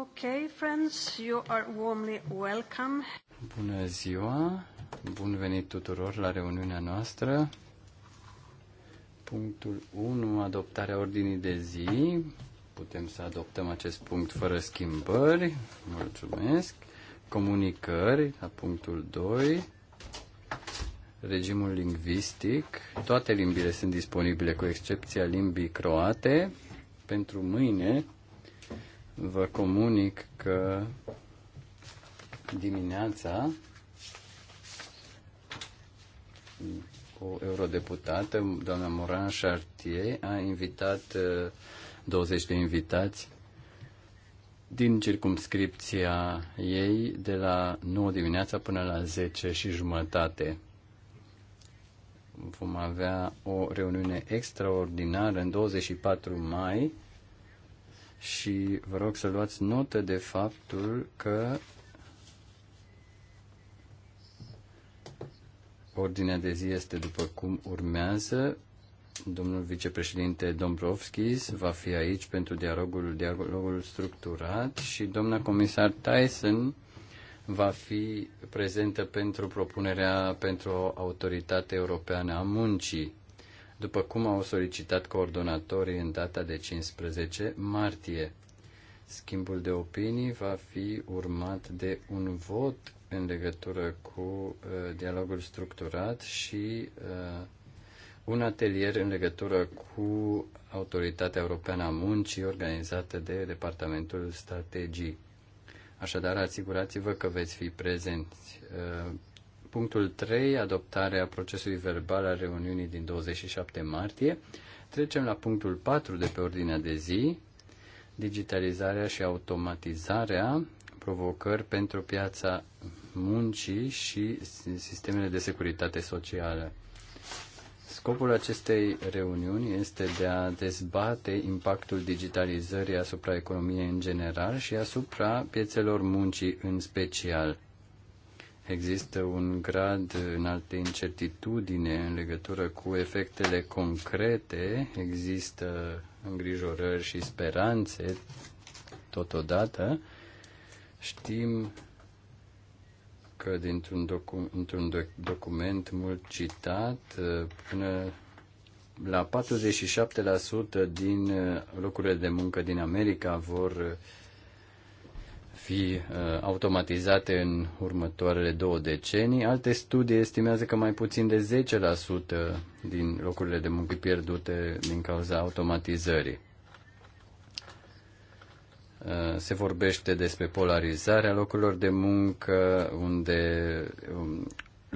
Ok, friends, you are warmly welcome. Bună ziua, bun venit tuturor la reuniunea noastră. Punctul 1, adoptarea ordinii de zi. Putem să adoptăm acest punct fără schimbări. Mulțumesc. Comunicări, la punctul 2. Regimul lingvistic. Toate limbile sunt disponibile, cu excepția limbii croate. Pentru mâine, vă comunic că dimineața o eurodeputată, doamna Moran Chartier, a invitat 20 uh, de invitați din circumscripția ei de la 9 dimineața până la 10 și jumătate. Vom avea o reuniune extraordinară în 24 mai și vă rog să luați notă de faptul că ordinea de zi este după cum urmează. Domnul vicepreședinte Dombrovskis va fi aici pentru dialogul, dialogul structurat și doamna comisar Tyson va fi prezentă pentru propunerea pentru autoritatea europeană a muncii după cum au solicitat coordonatorii în data de 15 martie. Schimbul de opinii va fi urmat de un vot în legătură cu uh, dialogul structurat și uh, un atelier în legătură cu Autoritatea Europeană a Muncii organizată de Departamentul Strategii. Așadar, asigurați-vă că veți fi prezenți. Uh, Punctul 3, adoptarea procesului verbal a reuniunii din 27 martie. Trecem la punctul 4 de pe ordinea de zi, digitalizarea și automatizarea, provocări pentru piața muncii și sistemele de securitate socială. Scopul acestei reuniuni este de a dezbate impactul digitalizării asupra economiei în general și asupra piețelor muncii în special există un grad înalt de incertitudine în legătură cu efectele concrete, există îngrijorări și speranțe totodată. Știm că dintr-un docu- într-un doc- document mult citat, până la 47% din locurile de muncă din America vor fi uh, automatizate în următoarele două decenii. Alte studii estimează că mai puțin de 10% din locurile de muncă pierdute din cauza automatizării. Uh, se vorbește despre polarizarea locurilor de muncă, unde um,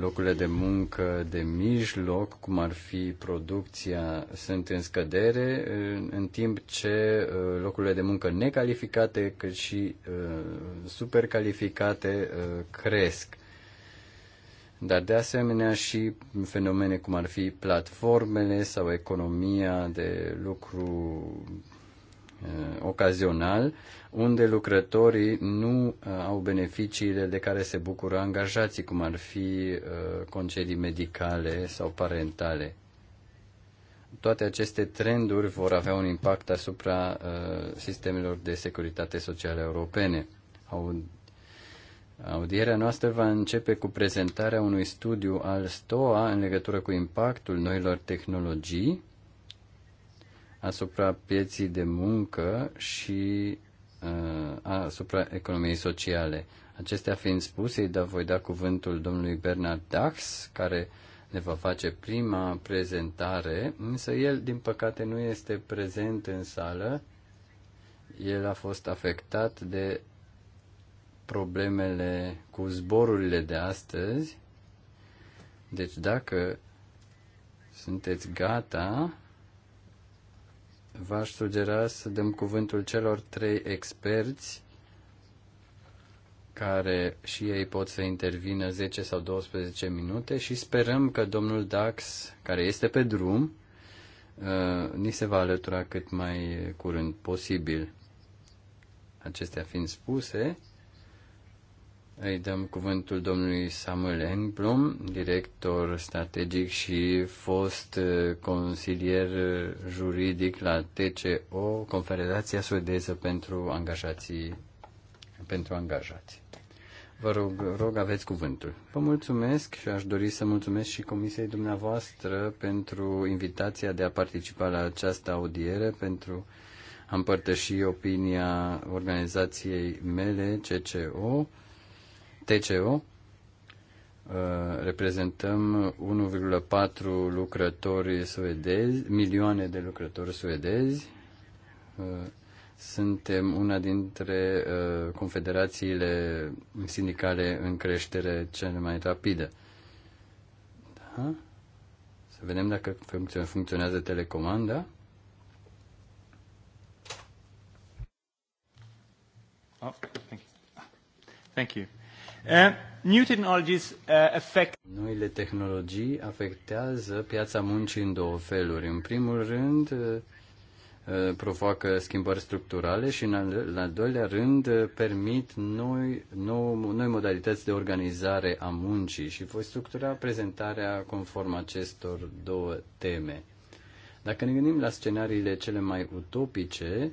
locurile de muncă de mijloc, cum ar fi producția, sunt în scădere, în timp ce uh, locurile de muncă necalificate, cât și uh, supercalificate uh, cresc. Dar de asemenea și fenomene cum ar fi platformele sau economia de lucru Uh, ocazional, unde lucrătorii nu uh, au beneficiile de care se bucură angajații, cum ar fi uh, concedii medicale sau parentale. Toate aceste trenduri vor avea un impact asupra sistemelor de securitate socială europene. Audierea noastră va începe cu prezentarea unui studiu al STOA în legătură cu impactul noilor tehnologii asupra pieții de muncă și uh, asupra economiei sociale. Acestea fiind spuse, îi voi da cuvântul domnului Bernard Dax, care ne va face prima prezentare, însă el, din păcate, nu este prezent în sală. El a fost afectat de problemele cu zborurile de astăzi. Deci dacă sunteți gata, v-aș sugera să dăm cuvântul celor trei experți care și ei pot să intervină 10 sau 12 minute și sperăm că domnul Dax, care este pe drum, uh, ni se va alătura cât mai curând posibil. Acestea fiind spuse, îi dăm cuvântul domnului Samuel Engblom, director strategic și fost uh, consilier juridic la TCO, Confederația Suedeză pentru Angajații. Pentru angajați. Vă rog, rog, aveți cuvântul. Vă mulțumesc și aș dori să mulțumesc și comisiei dumneavoastră pentru invitația de a participa la această audiere, pentru a împărtăși opinia organizației mele, CCO, TCO uh, reprezentăm 1,4 lucrători suedezi, milioane de lucrători suedezi. Uh, suntem una dintre uh, confederațiile sindicale în creștere cel mai rapidă. Da? Să vedem dacă funcționează telecomanda. Oh, thank you. Thank you. Uh, new technologies uh, affect... Noile tehnologii afectează piața muncii în două feluri. În primul rând, uh, provoacă schimbări structurale și, în al, al doilea rând, permit noi, nou, noi modalități de organizare a muncii și voi structura prezentarea conform acestor două teme. Dacă ne gândim la scenariile cele mai utopice,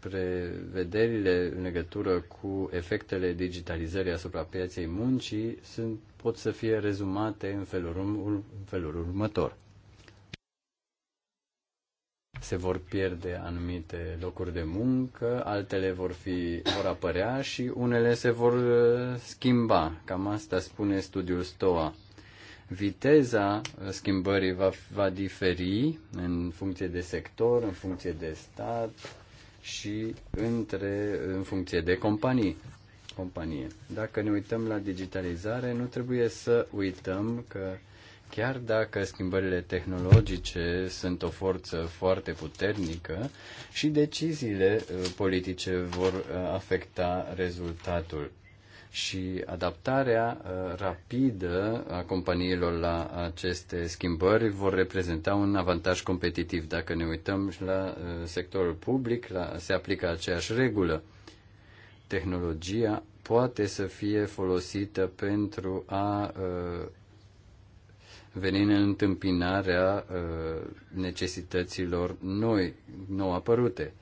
prevederile în legătură cu efectele digitalizării asupra piaței muncii sunt, pot să fie rezumate în felul, în felul următor. Se vor pierde anumite locuri de muncă, altele vor, fi, vor apărea și unele se vor uh, schimba. Cam asta spune studiul STOA. Viteza uh, schimbării va, va diferi în funcție de sector, în funcție de stat, și între, în funcție de companii. companie. Dacă ne uităm la digitalizare, nu trebuie să uităm că chiar dacă schimbările tehnologice sunt o forță foarte puternică și deciziile uh, politice vor uh, afecta rezultatul și adaptarea uh, rapidă a companiilor la aceste schimbări vor reprezenta un avantaj competitiv. Dacă ne uităm și la uh, sectorul public, la, se aplică aceeași regulă. Tehnologia poate să fie folosită pentru a uh, veni în întâmpinarea necesităților noi, nou apărute.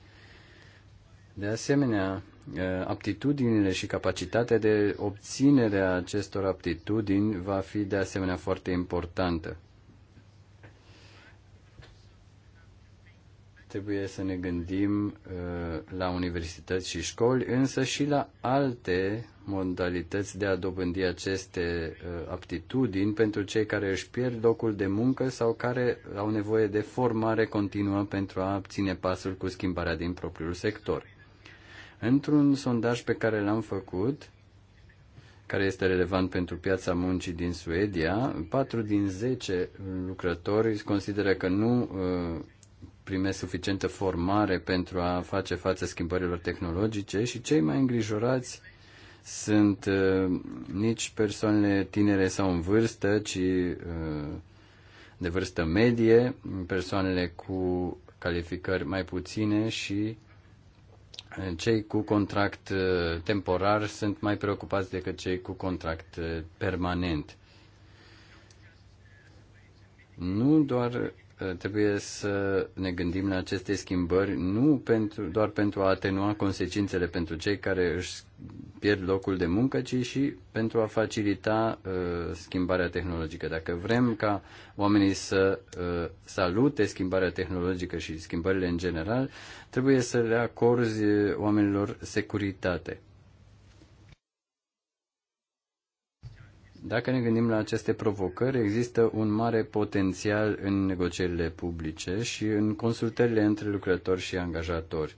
De asemenea, Eh, aptitudinile și capacitatea de obținere a acestor aptitudini va fi de asemenea foarte importantă. Trebuie să ne gândim eh, la universități și școli, însă și la alte modalități de a dobândi aceste eh, aptitudini pentru cei care își pierd locul de muncă sau care au nevoie de formare continuă pentru a ține pasul cu schimbarea din propriul sector. Într-un sondaj pe care l-am făcut, care este relevant pentru piața muncii din Suedia, 4 din 10 lucrători consideră că nu uh, primesc suficientă formare pentru a face față schimbărilor tehnologice și cei mai îngrijorați sunt uh, nici persoanele tinere sau în vârstă, ci uh, de vârstă medie, persoanele cu calificări mai puține și cei cu contract uh, temporar sunt mai preocupați decât cei cu contract uh, permanent. Nu doar Eh, trebuie să ne gândim la aceste schimbări nu pentru, doar pentru a atenua consecințele pentru cei care își pierd locul de muncă, ci și pentru a facilita uh, schimbarea tehnologică. Dacă vrem ca oamenii să uh, salute schimbarea tehnologică și schimbările în general, trebuie să le acorzi oamenilor securitate. Dacă ne gândim la aceste provocări, există un mare potențial în negocierile publice și în consultările între lucrători și angajatori.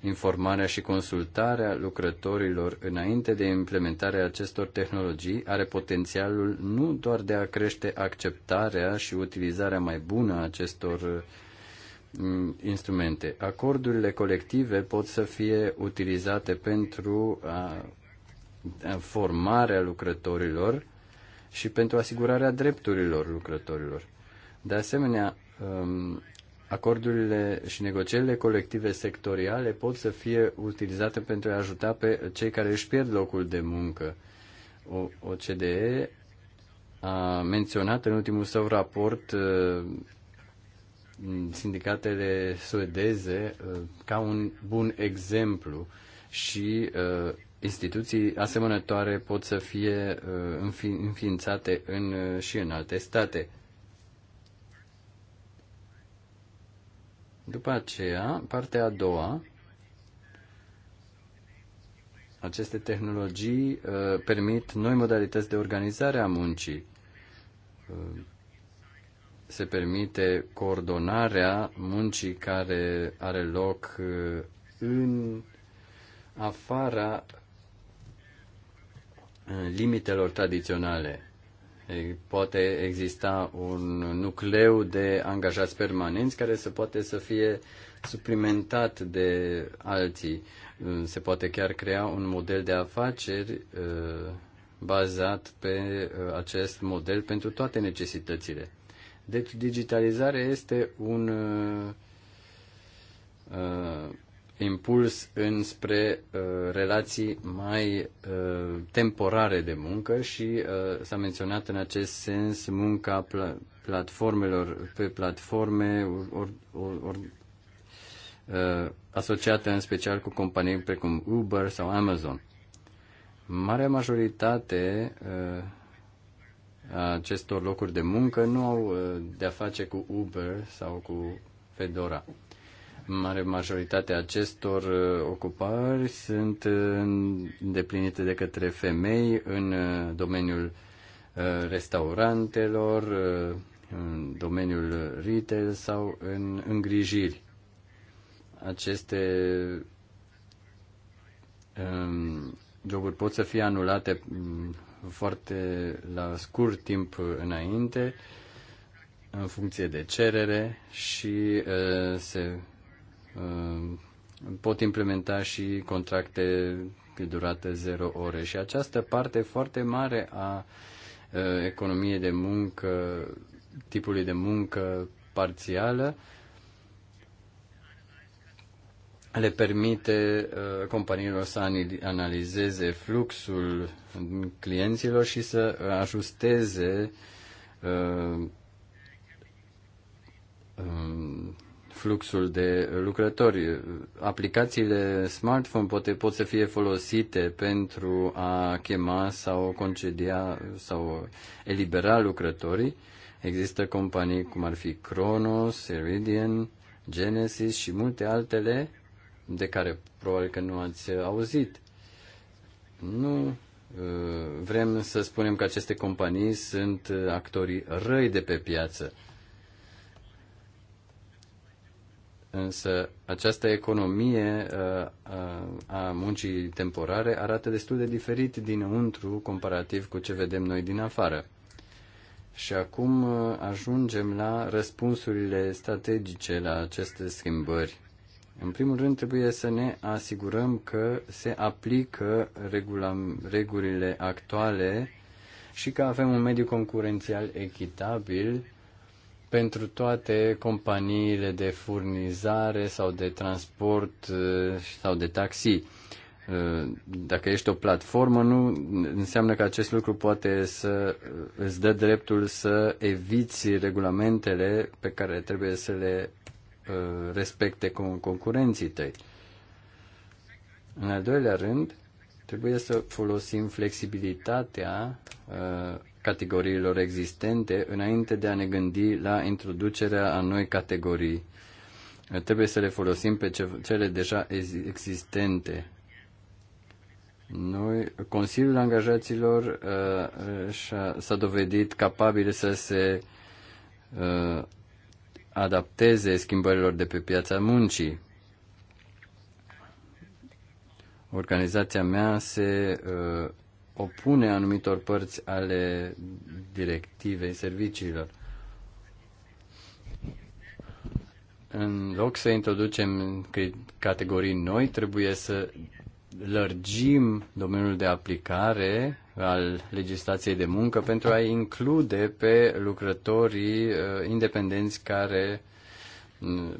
Informarea și consultarea lucrătorilor înainte de implementarea acestor tehnologii are potențialul nu doar de a crește acceptarea și utilizarea mai bună a acestor mm, instrumente. Acordurile colective pot să fie utilizate pentru a, a formarea lucrătorilor și pentru asigurarea drepturilor lucrătorilor. De asemenea, um, acordurile și negocierile colective sectoriale pot să fie utilizate pentru a ajuta pe cei care își pierd locul de muncă. O OCDE a menționat în ultimul său raport uh, sindicatele suedeze uh, ca un bun exemplu și uh, instituții asemănătoare pot să fie uh, înființate în, uh, și în alte state. După aceea, partea a doua, aceste tehnologii uh, permit noi modalități de organizare a muncii. Uh, se permite coordonarea muncii care are loc uh, în afara limitelor tradiționale. Poate exista un nucleu de angajați permanenți care să poate să fie suplimentat de alții. Se poate chiar crea un model de afaceri bazat pe acest model pentru toate necesitățile. Deci digitalizarea este un impuls înspre uh, relații mai uh, temporare de muncă și uh, s-a menționat în acest sens munca platformelor pe platforme or, or, or, uh, asociată în special cu companii precum Uber sau Amazon. Marea majoritate uh, a acestor locuri de muncă nu au uh, de-a face cu Uber sau cu Fedora mare majoritate a acestor uh, ocupări sunt uh, îndeplinite de către femei în uh, domeniul restaurantelor, în domeniul retail sau în îngrijiri. Aceste um, joburi pot să fie anulate mm, foarte la scurt timp înainte, în funcție de cerere și se Uh, pot implementa și contracte de durată 0 ore și această parte foarte mare a uh, economiei de muncă, tipului de muncă parțială, le permite uh, companiilor să analizeze fluxul clienților și să ajusteze um, fluxul de lucrători. Aplicațiile smartphone poate, pot să fie folosite pentru a chema sau concedia sau elibera lucrătorii. Există companii cum ar fi Kronos, Iridian, Genesis și multe altele de care probabil că nu ați auzit. Nu uh, vrem să spunem că aceste companii sunt actorii răi de pe piață Însă această economie uh, uh, a muncii temporare arată destul de diferit dinăuntru comparativ cu ce vedem noi din afară. Și acum uh, ajungem la răspunsurile strategice la aceste schimbări. În primul rând, trebuie să ne asigurăm că se aplică regulile actuale și că avem un mediu concurențial echitabil pentru toate companiile de furnizare sau de transport uh, sau de taxi. Uh, dacă ești o platformă, nu înseamnă că acest lucru poate să uh, îți dă dreptul să eviți regulamentele pe care trebuie să le respecte concurenții tăi. În al doilea rând, trebuie să folosim flexibilitatea categoriilor existente înainte de a ne gândi la introducerea a noi categorii. Trebuie să le folosim pe cele deja existente. Noi, Consiliul Angajaților uh, s-a dovedit capabil să se uh, adapteze schimbărilor de pe piața muncii. Organizația mea se uh, opune anumitor părți ale directivei serviciilor. În loc să introducem categorii noi, trebuie să lărgim domeniul de aplicare al legislației de muncă pentru a include pe lucrătorii uh, independenți care uh,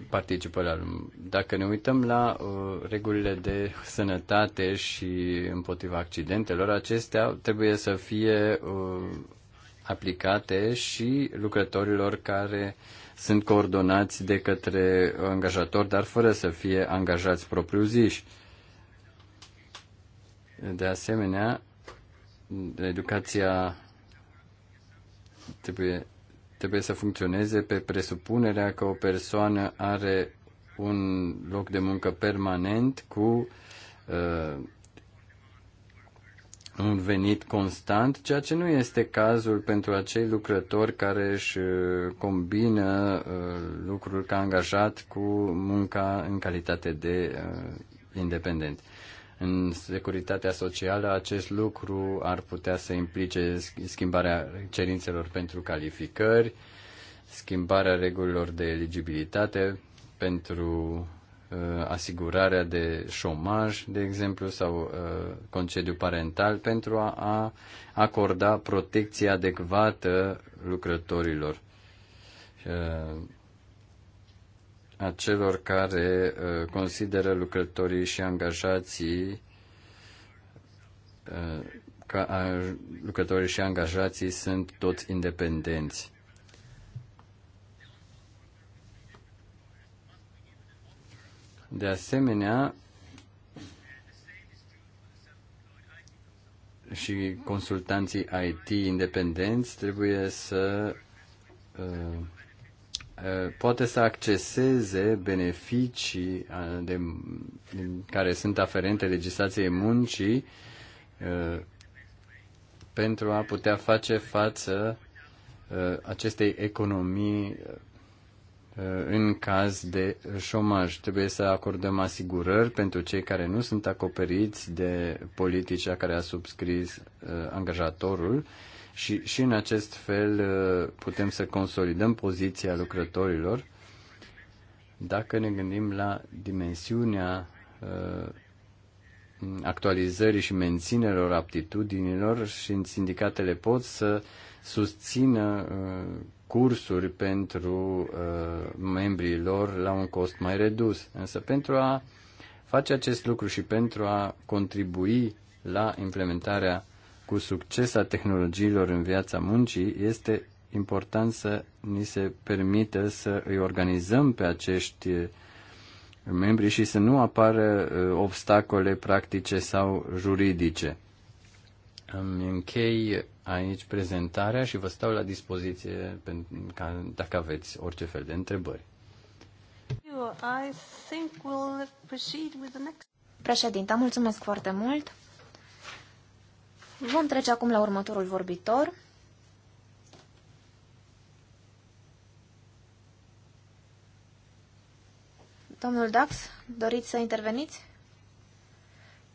participă la Dacă ne uităm la uh, regulile de sănătate și împotriva accidentelor, acestea trebuie să fie uh, aplicate și lucrătorilor care sunt coordonați de către angajator, dar fără să fie angajați propriu-ziși. De asemenea, educația trebuie trebuie să funcționeze pe presupunerea că o persoană are un loc de muncă permanent cu uh, un venit constant, ceea ce nu este cazul pentru acei lucrători care își uh, combină uh, lucrul ca angajat cu munca în calitate de uh, independent. În securitatea socială acest lucru ar putea să implice schimbarea cerințelor pentru calificări, schimbarea regulilor de eligibilitate pentru uh, asigurarea de șomaj, de exemplu, sau uh, concediu parental pentru a acorda protecție adecvată lucrătorilor. Uh, a celor care uh, consideră lucrătorii și angajații uh, că lucrătorii și angajații sunt toți independenți. De asemenea, și consultanții IT independenți trebuie să uh, Uh, poate să acceseze beneficii uh, de, care sunt aferente legislației muncii uh, pentru a putea face față acestei economii în caz de șomaj. Trebuie să acordăm asigurări pentru cei care nu sunt acoperiți de politica care a subscris angajatorul și, și în acest fel uh, putem să consolidăm poziția lucrătorilor dacă ne gândim la dimensiunea uh, actualizării și menținerilor aptitudinilor și în sindicatele pot să susțină uh, cursuri pentru membrii lor la un cost mai redus. Însă pentru a face acest lucru și pentru a contribui la implementarea cu succes a tehnologiilor în viața muncii, este important să ni se permită să îi organizăm pe acești eh, membri și să nu apară eh, obstacole practice sau juridice. Îmi închei aici prezentarea și vă stau la dispoziție dacă aveți orice fel de întrebări. Președinte, mulțumesc foarte mult. Vom trece acum la următorul vorbitor. Domnul Dax, doriți să interveniți?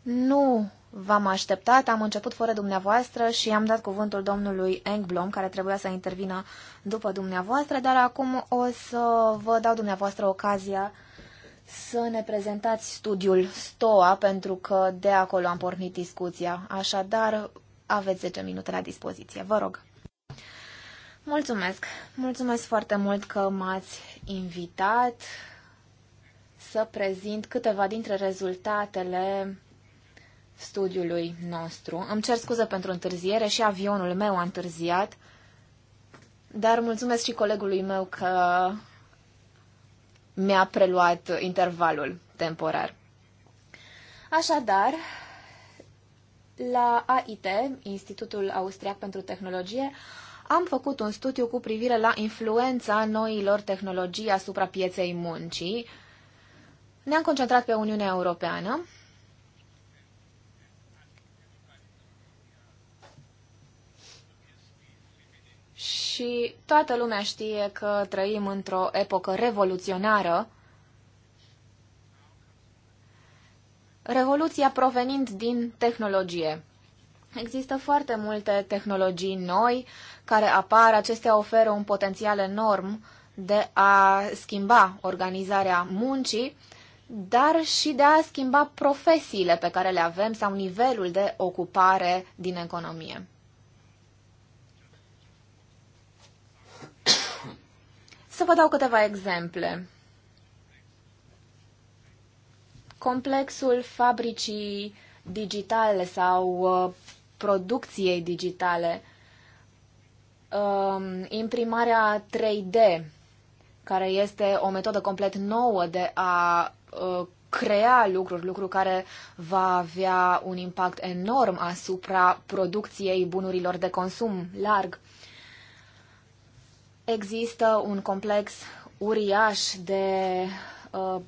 Nu v-am așteptat, am început fără dumneavoastră și am dat cuvântul domnului Engblom, care trebuia să intervină după dumneavoastră, dar acum o să vă dau dumneavoastră ocazia să ne prezentați studiul STOA, pentru că de acolo am pornit discuția. Așadar, aveți 10 minute la dispoziție. Vă rog. Mulțumesc! Mulțumesc foarte mult că m-ați invitat să prezint câteva dintre rezultatele studiului nostru. Îmi cer scuze pentru întârziere și avionul meu a întârziat, dar mulțumesc și colegului meu că mi-a preluat intervalul temporar. Așadar, la AIT, Institutul Austriac pentru Tehnologie, am făcut un studiu cu privire la influența noilor tehnologii asupra pieței muncii. Ne-am concentrat pe Uniunea Europeană și toată lumea știe că trăim într-o epocă revoluționară. Revoluția provenind din tehnologie. Există foarte multe tehnologii noi care apar, acestea oferă un potențial enorm de a schimba organizarea muncii, dar și de a schimba profesiile pe care le avem sau nivelul de ocupare din economie. Să vă dau câteva exemple. Complexul fabricii digitale sau uh, producției digitale, um, imprimarea 3D, care este o metodă complet nouă de a uh, crea lucruri, lucru care va avea un impact enorm asupra producției bunurilor de consum larg. Există un complex uriaș de uh,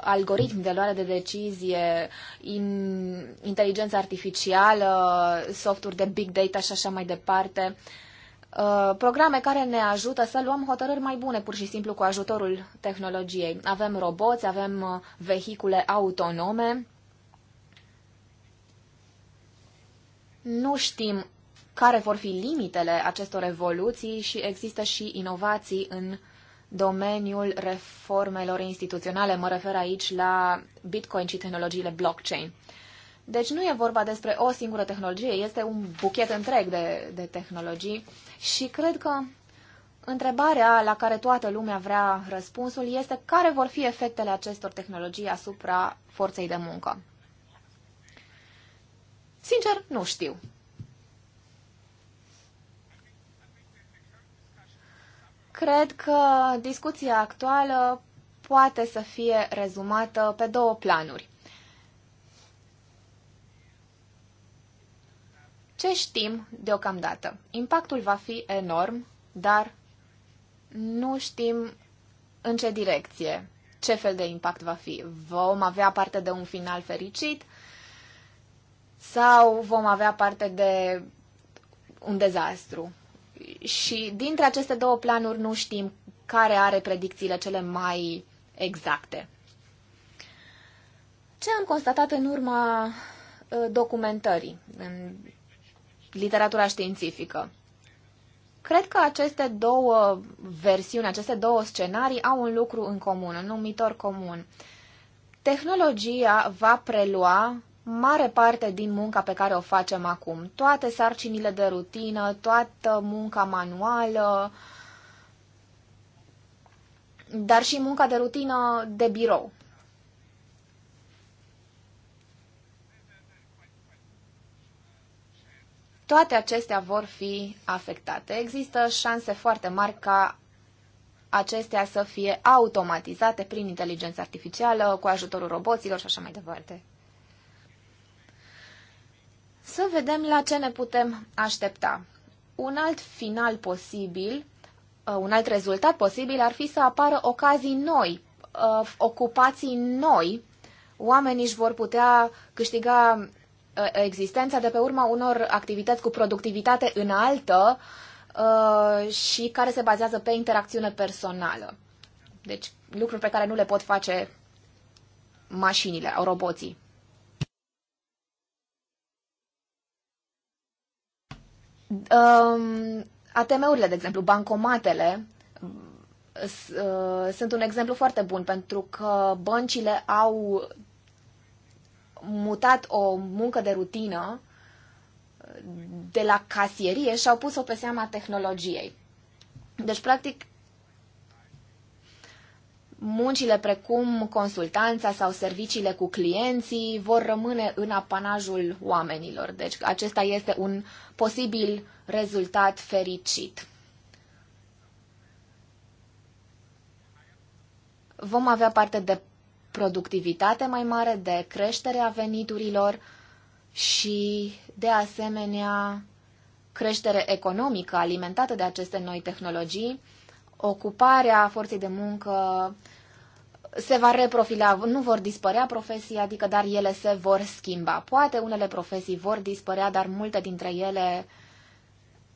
algoritmi de luare de decizie, in, inteligență artificială, softuri de big data și așa mai departe. Uh, programe care ne ajută să luăm hotărâri mai bune, pur și simplu, cu ajutorul tehnologiei. Avem roboți, avem uh, vehicule autonome. Nu știm care vor fi limitele acestor evoluții și există și inovații în domeniul reformelor instituționale. Mă refer aici la Bitcoin și tehnologiile blockchain. Deci nu e vorba despre o singură tehnologie, este un buchet întreg de, de tehnologii și cred că întrebarea la care toată lumea vrea răspunsul este care vor fi efectele acestor tehnologii asupra forței de muncă. Sincer, nu știu. Cred că discuția actuală poate să fie rezumată pe două planuri. Ce știm deocamdată? Impactul va fi enorm, dar nu știm în ce direcție, ce fel de impact va fi. Vom avea parte de un final fericit sau vom avea parte de un dezastru și dintre aceste două planuri nu știm care are predicțiile cele mai exacte. Ce am constatat în urma uh, documentării în literatura științifică? Cred că aceste două versiuni, aceste două scenarii au un lucru în comun, un numitor comun. Tehnologia va prelua mare parte din munca pe care o facem acum. Toate sarcinile de rutină, toată munca manuală, dar și munca de rutină de birou. Toate acestea vor fi afectate. Există șanse foarte mari ca acestea să fie automatizate prin inteligență artificială, cu ajutorul roboților și așa mai departe. Să vedem la ce ne putem aștepta. Un alt final posibil, uh, un alt rezultat posibil ar fi să apară ocazii noi, uh, ocupații noi. Oamenii își vor putea câștiga uh, existența de pe urma unor activități cu productivitate înaltă și care se bazează pe interacțiune personală. Deci lucruri pe care nu le pot face mașinile, roboții. Um, ATM-urile, de exemplu, bancomatele, uh, sunt un exemplu foarte bun pentru că băncile au mutat o muncă de rutină de la casierie și au pus-o pe seama tehnologiei. Deci, practic, muncile precum consultanța sau serviciile cu clienții vor rămâne în apanajul oamenilor. Deci acesta este un posibil rezultat fericit. Vom avea parte de productivitate mai mare, de creștere a veniturilor și, de asemenea, creștere economică alimentată de aceste noi tehnologii, ocuparea forței de muncă se va reprofila, nu vor dispărea profesii, adică dar ele se vor schimba. Poate unele profesii vor dispărea, dar multe dintre ele,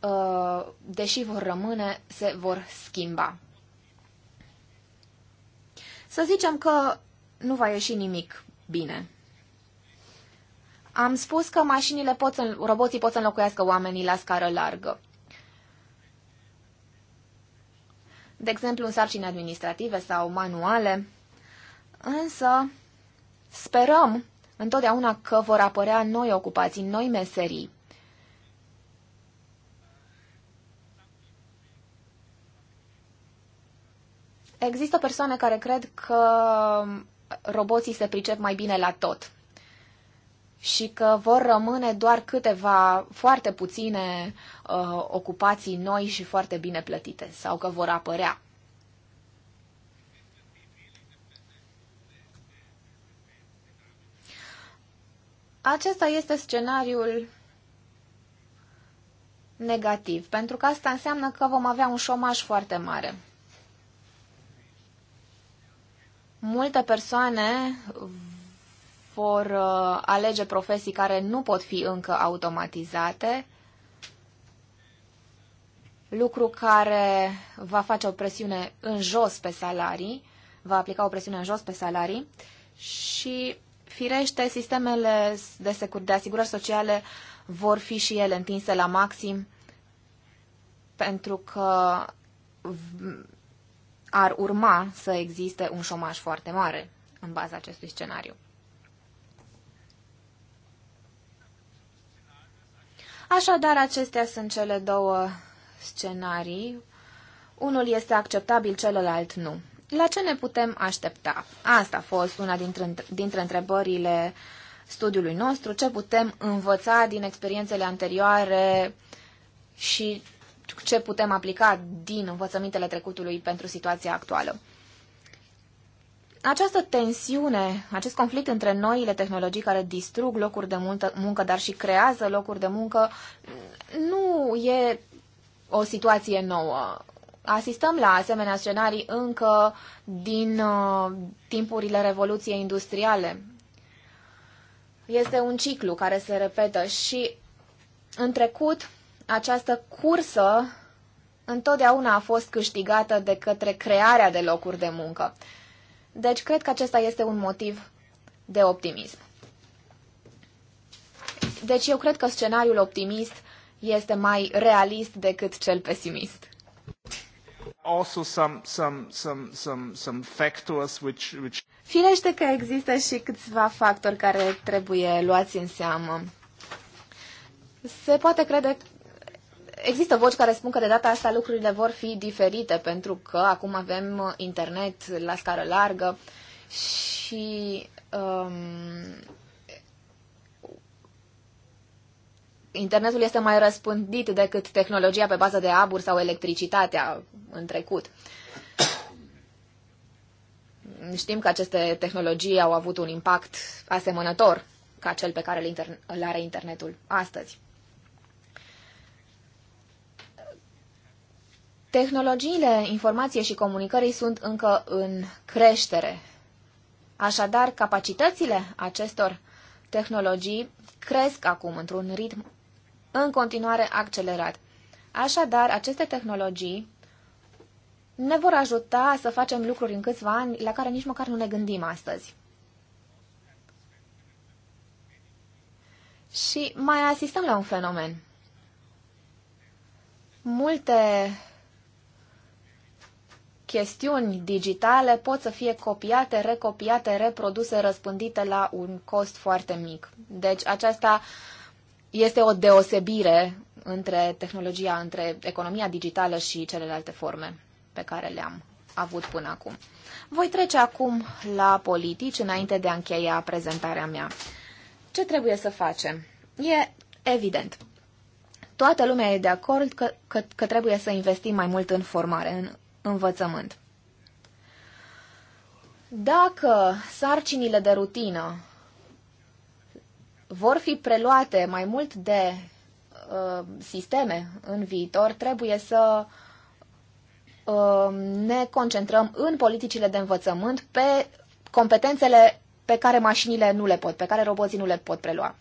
uh, deși vor rămâne, se vor schimba. Să zicem că nu va ieși nimic bine. Am spus că mașinile pot să, roboții pot să înlocuiască oamenii la scară largă. de exemplu în sarcini administrative sau manuale, însă sperăm întotdeauna că vor apărea noi ocupații, noi meserii. Există persoane care cred că roboții se pricep mai bine la tot și că vor rămâne doar câteva, foarte puține uh, ocupații noi și foarte bine plătite sau că vor apărea. Acesta este scenariul negativ, pentru că asta înseamnă că vom avea un șomaj foarte mare. Multe persoane vor uh, alege profesii care nu pot fi încă automatizate, lucru care va face o presiune în jos pe salarii, va aplica o presiune în jos pe salarii și, firește, sistemele de, secur- de asigurări sociale vor fi și ele întinse la maxim pentru că ar urma să existe un șomaj foarte mare în baza acestui scenariu. Așadar, acestea sunt cele două scenarii. Unul este acceptabil, celălalt nu. La ce ne putem aștepta? Asta a fost una dintre, dintre întrebările studiului nostru. Ce putem învăța din experiențele anterioare și ce putem aplica din învățămintele trecutului pentru situația actuală? Această tensiune, acest conflict între noile tehnologii care distrug locuri de muncă, dar și creează locuri de muncă, nu e o situație nouă. Asistăm la asemenea scenarii încă din uh, timpurile Revoluției Industriale. Este un ciclu care se repetă și în trecut această cursă întotdeauna a fost câștigată de către crearea de locuri de muncă. Uh, deci cred că acesta este un motiv de optimism. Deci eu cred că scenariul optimist este mai realist decât cel pesimist. Also some, some, some, some, some factors which, which... Firește că există și câțiva factori care trebuie luați în seamă. Se poate crede Există voci care spun că de data asta lucrurile vor fi diferite pentru că acum avem internet la scară largă și um, internetul este mai răspândit decât tehnologia pe bază de abur sau electricitatea în trecut. Știm că aceste tehnologii au avut un impact asemănător ca cel pe care îl are internetul astăzi. Tehnologiile informației și comunicării sunt încă în creștere. Așadar, capacitățile acestor tehnologii cresc acum într-un ritm în continuare accelerat. Așadar, aceste tehnologii ne vor ajuta să facem lucruri în câțiva ani la care nici măcar nu ne gândim astăzi. Și mai asistăm la un fenomen. Multe chestiuni digitale pot să fie copiate, recopiate, reproduse, răspândite la un cost foarte mic. Deci aceasta este o deosebire între tehnologia, între economia digitală și celelalte forme pe care le-am avut până acum. Voi trece acum la politici înainte de a încheia prezentarea mea. Ce trebuie să facem? E evident. Toată lumea e de acord că, că, că trebuie să investim mai mult în formare, în învățământ. Dacă sarcinile de rutină vor fi preluate mai mult de uh, sisteme în viitor, trebuie să uh, ne concentrăm în politicile de învățământ pe competențele pe care mașinile nu le pot, pe care roboții nu le pot prelua.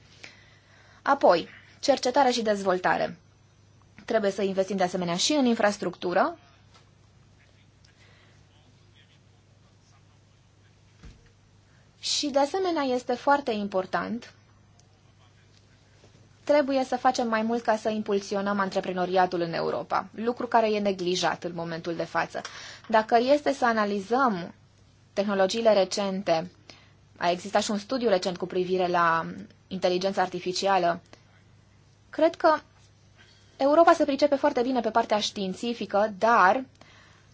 Apoi, cercetare și dezvoltare. Trebuie să investim de asemenea și în infrastructură Și, de asemenea, este foarte important trebuie să facem mai mult ca să impulsionăm antreprenoriatul în Europa, lucru care e neglijat în momentul de față. Dacă este să analizăm tehnologiile recente, a existat și un studiu recent cu privire la inteligența artificială, cred că Europa se pricepe foarte bine pe partea științifică, dar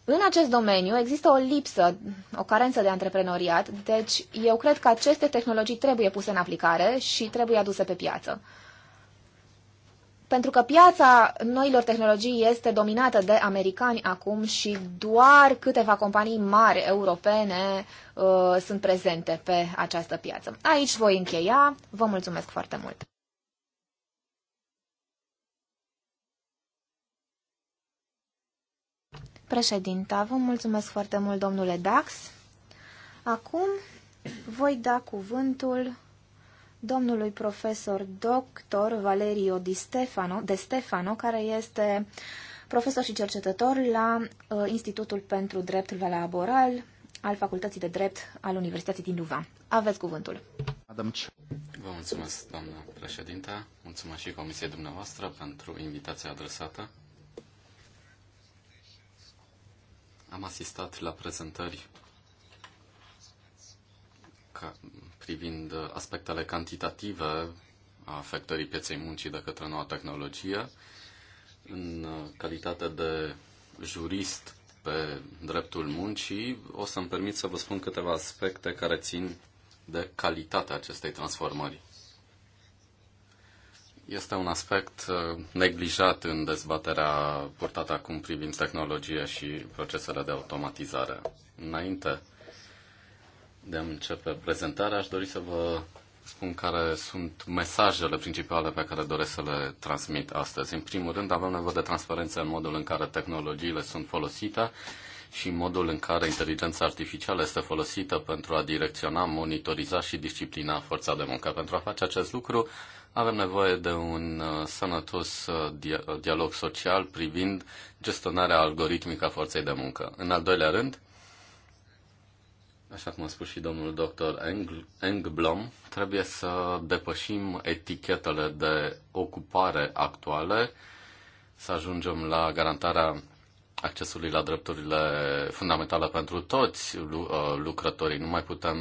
în acest domeniu există o lipsă, o carență de antreprenoriat, deci eu cred că aceste tehnologii trebuie puse în aplicare și trebuie aduse pe piață. Pentru că piața noilor tehnologii este dominată de americani acum și doar câteva companii mari europene uh, sunt prezente pe această piață. Aici voi încheia. Vă mulțumesc foarte mult! Președinta, vă mulțumesc foarte mult, domnule Dax. Acum voi da cuvântul domnului profesor doctor Valerio Di Stefano, de Stefano, care este profesor și cercetător la uh, Institutul pentru Dreptul Laboral al Facultății de Drept al Universității din Luva. Aveți cuvântul. Vă mulțumesc, doamnă președinte. Mulțumesc și comisiei dumneavoastră pentru invitația adresată. Am asistat la prezentări ca, privind aspectele cantitative a afectării pieței muncii de către noua tehnologie. În calitate de jurist pe dreptul muncii, o să-mi permit să vă spun câteva aspecte care țin de calitatea acestei transformări. Este un aspect uh, neglijat în dezbaterea purtată acum privind tehnologia și procesele de automatizare. Înainte de a începe prezentarea, aș dori să vă spun care sunt mesajele principale pe care doresc să le transmit astăzi. În primul rând, avem nevoie de transparență în modul în care tehnologiile sunt folosite și în modul în care inteligența artificială este folosită pentru a direcționa, monitoriza și disciplina forța de muncă. Pentru a face acest lucru, avem nevoie de un uh, sănătos uh, uh, dialog social privind gestionarea algoritmică a forței de muncă. În al doilea rând, așa cum a spus și domnul doctor Eng- Engblom, trebuie să depășim etichetele de ocupare actuale, să ajungem la garantarea accesului la drepturile fundamentale pentru toți lucrătorii. Nu mai putem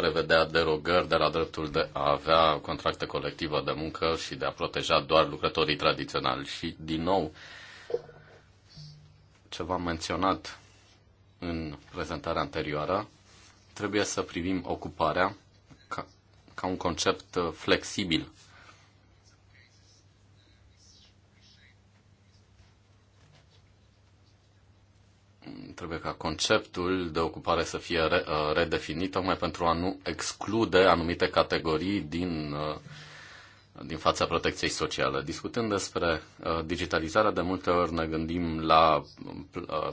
prevedea derogări de la dreptul de a avea contracte colective de muncă și de a proteja doar lucrătorii tradiționali. Și, din nou, ce v-am menționat în prezentarea anterioară, trebuie să privim ocuparea ca, ca un concept flexibil trebuie ca conceptul de ocupare să fie re, uh, redefinit, tocmai pentru a nu exclude anumite categorii din, uh, din fața protecției sociale. Discutând despre uh, digitalizarea, de multe ori ne gândim la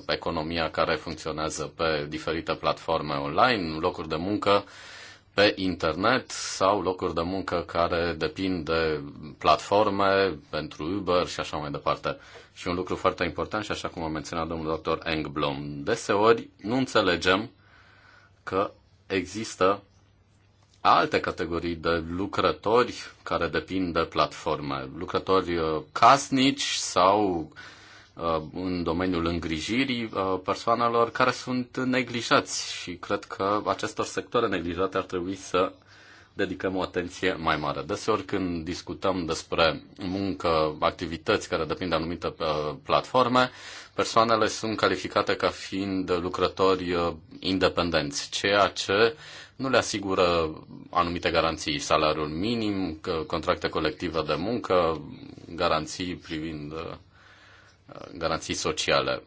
economia care funcționează pe diferite platforme online, locuri de muncă, pe internet sau locuri de muncă care depind de platforme pentru Uber și așa mai departe. Și un lucru foarte important și așa cum a menționat domnul doctor Engblom, deseori nu înțelegem că există alte categorii de lucrători care depind de platforme, lucrători uh, casnici sau uh, Uh, în domeniul îngrijirii uh, persoanelor care sunt neglijați și cred că acestor sectoare neglijate ar trebui să dedicăm o atenție mai mare. Deseori când discutăm despre muncă, activități care depind de anumite uh, platforme, persoanele sunt calificate ca fiind lucrători independenți, ceea ce nu le asigură anumite garanții, salariul minim, contracte colective de muncă, garanții privind garanții sociale.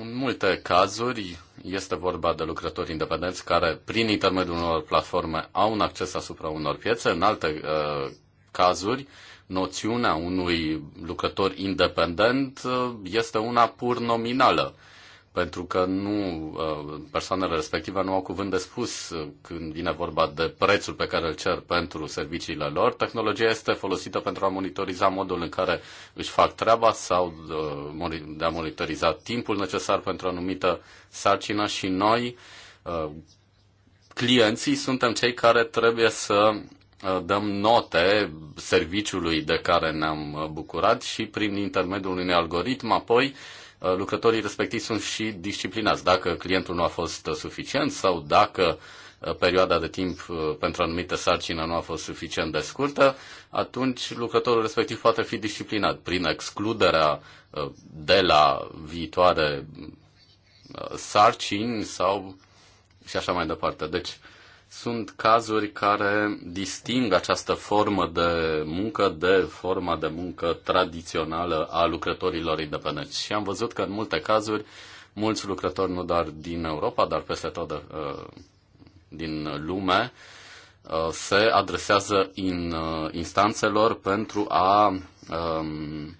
În multe cazuri este vorba de lucrători independenți care, prin intermediul unor platforme, au un acces asupra unor piețe. În alte uh, cazuri, noțiunea unui lucrător independent uh, este una pur nominală. Uh, pentru că nu, uh, persoanele respective nu au cuvânt de spus uh, când vine vorba de prețul pe care îl cer pentru serviciile lor. Tehnologia este folosită pentru a monitoriza modul în care își fac treaba sau uh, de a monitoriza timpul necesar pentru o anumită sarcină și noi, clienții, suntem cei care trebuie să dăm note serviciului de care ne-am bucurat și prin intermediul unui algoritm apoi Uh, lucrătorii respectivi sunt și disciplinați. Dacă clientul nu a fost uh, suficient sau dacă uh, perioada de timp pentru anumite sarcină nu a fost suficient de scurtă, atunci lucrătorul respectiv poate fi disciplinat prin excluderea de la viitoare sarcini sau și așa mai departe. Deci, sunt cazuri care disting această formă de muncă de forma de muncă tradițională a lucrătorilor independenți. Și am văzut că în multe cazuri, mulți lucrători, nu doar din Europa, dar peste tot de, uh, din lume, uh, se adresează în uh, instanțelor pentru a um,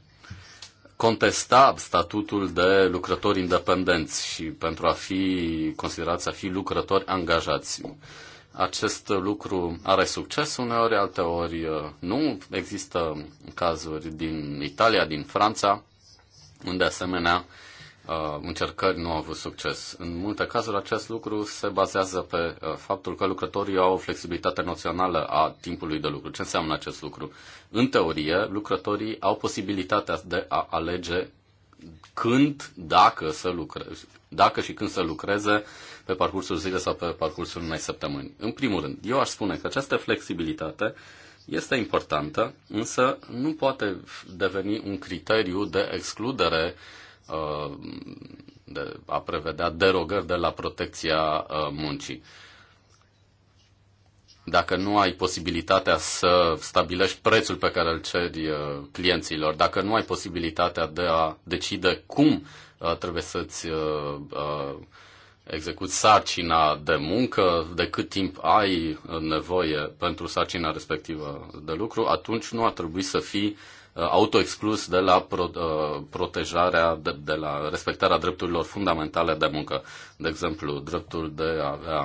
contesta statutul de lucrători independenți și pentru a fi considerați a fi lucrători angajați acest lucru are succes, uneori, alteori uh, nu. Există cazuri din Italia, din Franța, unde asemenea uh, încercări nu au avut succes. În multe cazuri acest lucru se bazează pe uh, faptul că lucrătorii au o flexibilitate noțională a timpului de lucru. Ce înseamnă acest lucru? În teorie, lucrătorii au posibilitatea de a alege când, dacă să lucreze, dacă și când să lucreze pe parcursul zilei sau pe parcursul unei săptămâni. În primul rând, eu aș spune că această flexibilitate este importantă, însă nu poate deveni un criteriu de excludere uh, de a prevedea derogări de la protecția uh, muncii. Dacă nu ai posibilitatea să stabilești prețul pe care îl ceri uh, clienților, dacă nu ai posibilitatea de a decide cum trebuie să-ți execut sarcina de muncă, de cât timp ai nevoie pentru sarcina respectivă de lucru, atunci nu ar trebui să fii uh, autoexclus de la pro, uh, protejarea, de, de la respectarea drepturilor fundamentale de muncă. De exemplu, dreptul de a avea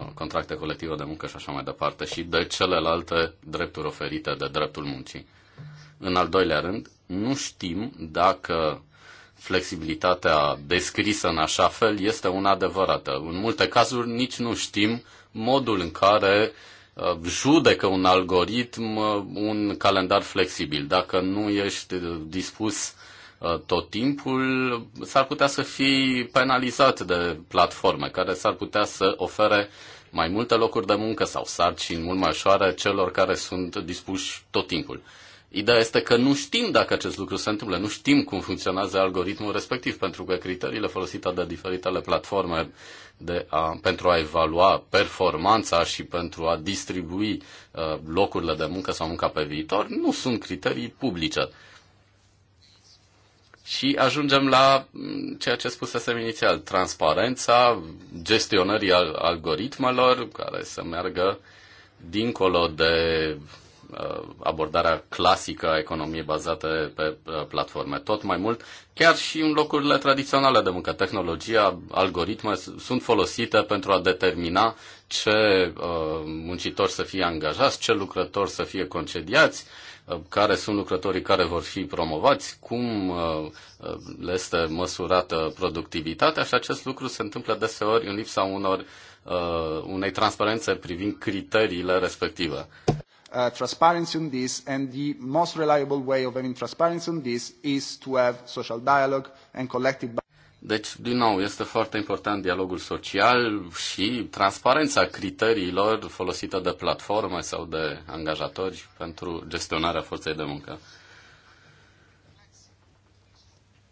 uh, contracte colective de muncă și așa mai departe și de celelalte drepturi oferite de dreptul muncii. În al doilea rând, nu știm dacă flexibilitatea descrisă în așa fel este una adevărată. În multe cazuri nici nu știm modul în care uh, judecă un algoritm uh, un calendar flexibil. Dacă nu ești uh, dispus tot timpul, s-ar putea să fii penalizat de platforme care s-ar putea să ofere mai multe locuri de muncă sau sarcini mult mai ușoare celor care sunt dispuși tot timpul. Ideea este că nu știm dacă acest lucru se întâmplă, nu știm cum funcționează algoritmul respectiv, pentru că criteriile folosite de diferitele platforme de a, pentru a evalua performanța și pentru a distribui uh, locurile de muncă sau munca pe viitor nu sunt criterii publice. Și ajungem la mm, ceea ce spusesem inițial, transparența gestionării al- algoritmelor care să meargă dincolo de Uh, abordarea clasică a economiei bazate pe uh, platforme. Tot mai mult, chiar și în locurile tradiționale de muncă, tehnologia, algoritme sunt folosite pentru a determina ce uh, muncitori să fie angajați, ce lucrători să fie concediați, care sunt lucrătorii care vor fi promovați, cum le este măsurată productivitatea și acest lucru se întâmplă deseori în lipsa unor, unei transparențe privind criteriile respective. Uh, transparency on this, and the most reliable way of having transparency on this is to have social dialogue and collective deci, din nou, este foarte important dialogul social și transparența criteriilor folosită de platforme sau de angajatori pentru gestionarea forței de muncă.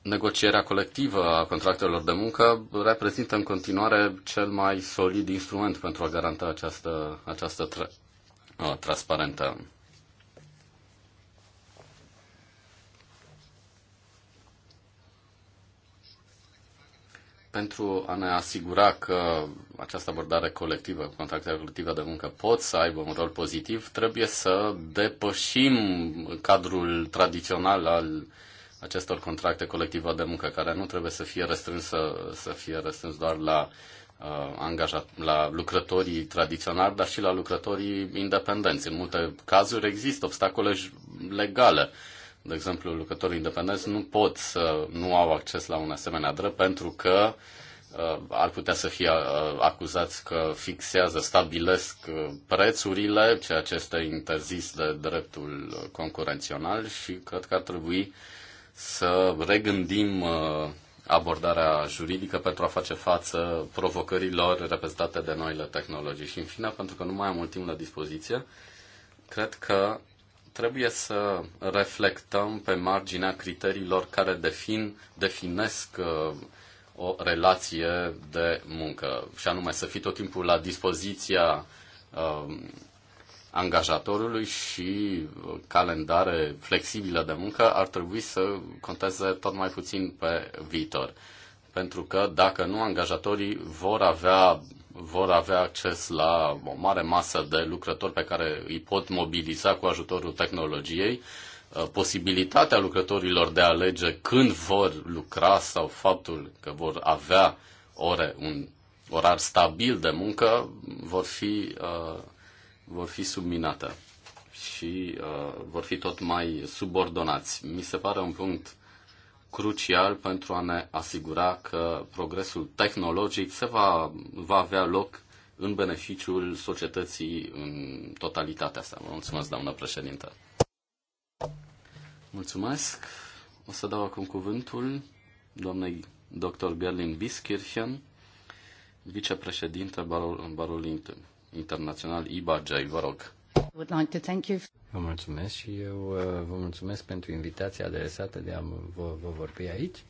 Negocierea colectivă a contractelor de muncă reprezintă în continuare cel mai solid instrument pentru a garanta această, această tra- Uh, transparentă. Pentru a ne asigura că această abordare colectivă, contractele colective de muncă pot să aibă un rol pozitiv, trebuie să depășim cadrul tradițional al acestor contracte colective de muncă, care nu trebuie să fie restrâns, să, să fie restrâns doar la uh, Uh, angajat, la lucrătorii tradiționali, dar și la lucrătorii independenți. În multe cazuri există obstacole legale. De exemplu, lucrătorii independenți nu pot să nu au acces la un asemenea drept pentru că uh, ar putea să fie uh, acuzați că fixează, stabilesc prețurile, ceea ce este interzis de dreptul concurențional și cred că ar trebui să regândim abordarea juridică pentru a face față provocărilor reprezentate de noile tehnologii. Și în fine, pentru că nu mai am mult timp la dispoziție, cred că trebuie să reflectăm pe marginea criteriilor care defin, definesc uh, o relație de muncă, și anume să fii tot timpul la dispoziția uh, angajatorului și uh, calendare flexibilă de muncă ar trebui să conteze tot mai puțin pe viitor. Pentru că dacă nu, angajatorii vor avea, vor avea acces la o mare masă de lucrători pe care îi pot mobiliza cu ajutorul tehnologiei, uh, posibilitatea lucrătorilor de a alege când vor lucra sau faptul că vor avea ore, un orar stabil de muncă, vor fi uh, vor fi subminată și uh, vor fi tot mai subordonați. Mi se pare un punct crucial pentru a ne asigura că progresul tehnologic se va, va avea loc în beneficiul societății în totalitatea sa. Vă mulțumesc, doamnă președintă. Mulțumesc. O să dau acum cuvântul doamnei dr. Gerlin Biskirchen, vicepreședinte Barul, Barul internațional Jai. Vă rog. Would like to thank you. Vă mulțumesc și eu uh, vă mulțumesc pentru invitația adresată de a vă, vă vorbi aici.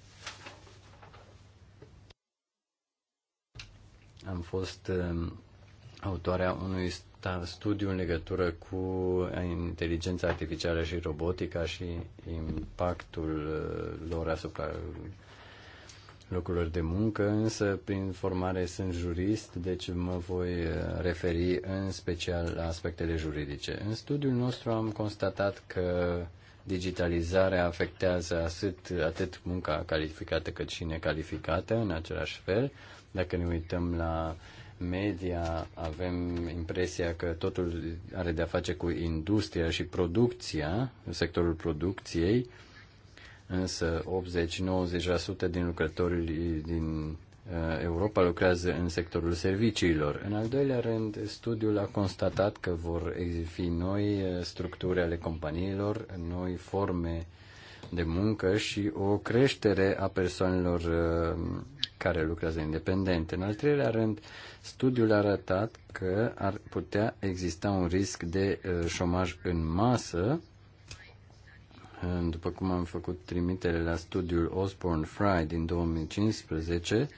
Am fost um, autoarea unui studiu în legătură cu uh, inteligența artificială și robotica și impactul uh, lor asupra locurilor de muncă, însă prin formare sunt jurist, deci mă voi uh, referi în special la aspectele juridice. În studiul nostru am constatat că digitalizarea afectează atât, atât munca calificată cât și necalificată în același fel. Dacă ne uităm la media, avem impresia că totul are de-a face cu industria și producția, sectorul producției, Însă 80-90% din lucrătorii din uh, Europa lucrează în sectorul serviciilor. În al doilea rând, studiul a constatat că vor fi noi uh, structuri ale companiilor, noi forme de muncă și o creștere a persoanelor uh, care lucrează independente. În al treilea rând, studiul a arătat că ar putea exista un risc de șomaj în masă după cum am făcut trimitere la studiul Osborne Fry din 2015,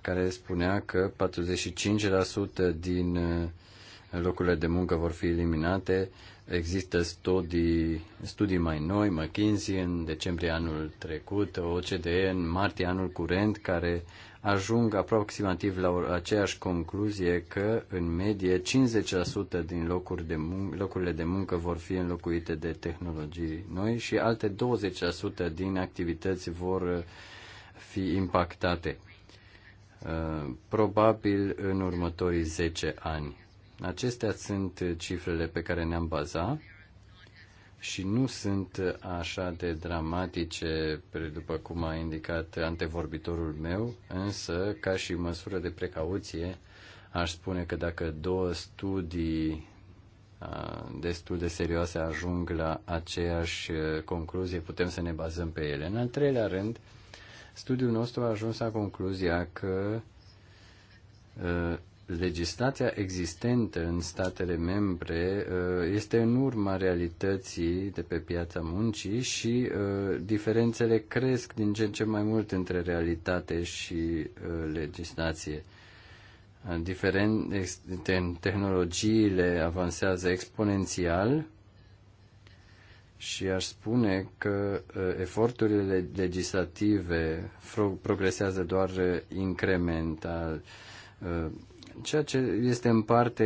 care spunea că 45% din uh, locurile de muncă vor fi eliminate. Există studii, studii mai noi, McKinsey în decembrie anul trecut, OCDE în martie anul curent, care ajung aproximativ la aceeași concluzie că, în medie, 50% din locuri de mun- locurile de muncă vor fi înlocuite de tehnologii noi și alte 20% din activități vor uh, fi impactate, uh, probabil în următorii 10 ani. Acestea sunt cifrele pe care ne-am bazat și nu sunt așa de dramatice, după cum a indicat antevorbitorul meu, însă, ca și măsură de precauție, aș spune că dacă două studii destul de serioase ajung la aceeași concluzie, putem să ne bazăm pe ele. În al treilea rând, studiul nostru a ajuns la concluzia că legislația existentă în statele membre uh, este în urma realității de pe piața muncii și uh, diferențele cresc din ce în ce mai mult între realitate și uh, legislație. Diferent, tehnologiile avansează exponențial și aș spune că eforturile legislative progresează doar incremental ceea ce este în parte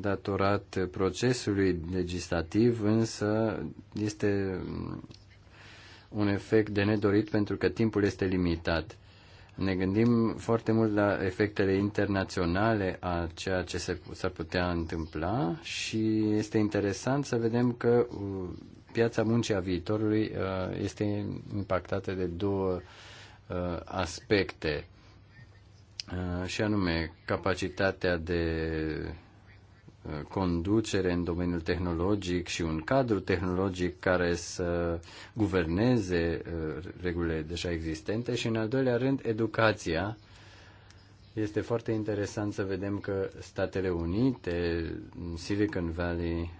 datorat procesului legislativ, însă este un efect de nedorit pentru că timpul este limitat. Ne gândim foarte mult la efectele internaționale a ceea ce s-ar putea întâmpla și este interesant să vedem că uh, piața muncii a viitorului uh, este impactată de două uh, aspecte Uh, și anume capacitatea de uh, conducere în domeniul tehnologic și un cadru tehnologic care să guverneze uh, regulile deja existente și, în al doilea rând, educația. Este foarte interesant să vedem că Statele Unite, Silicon Valley,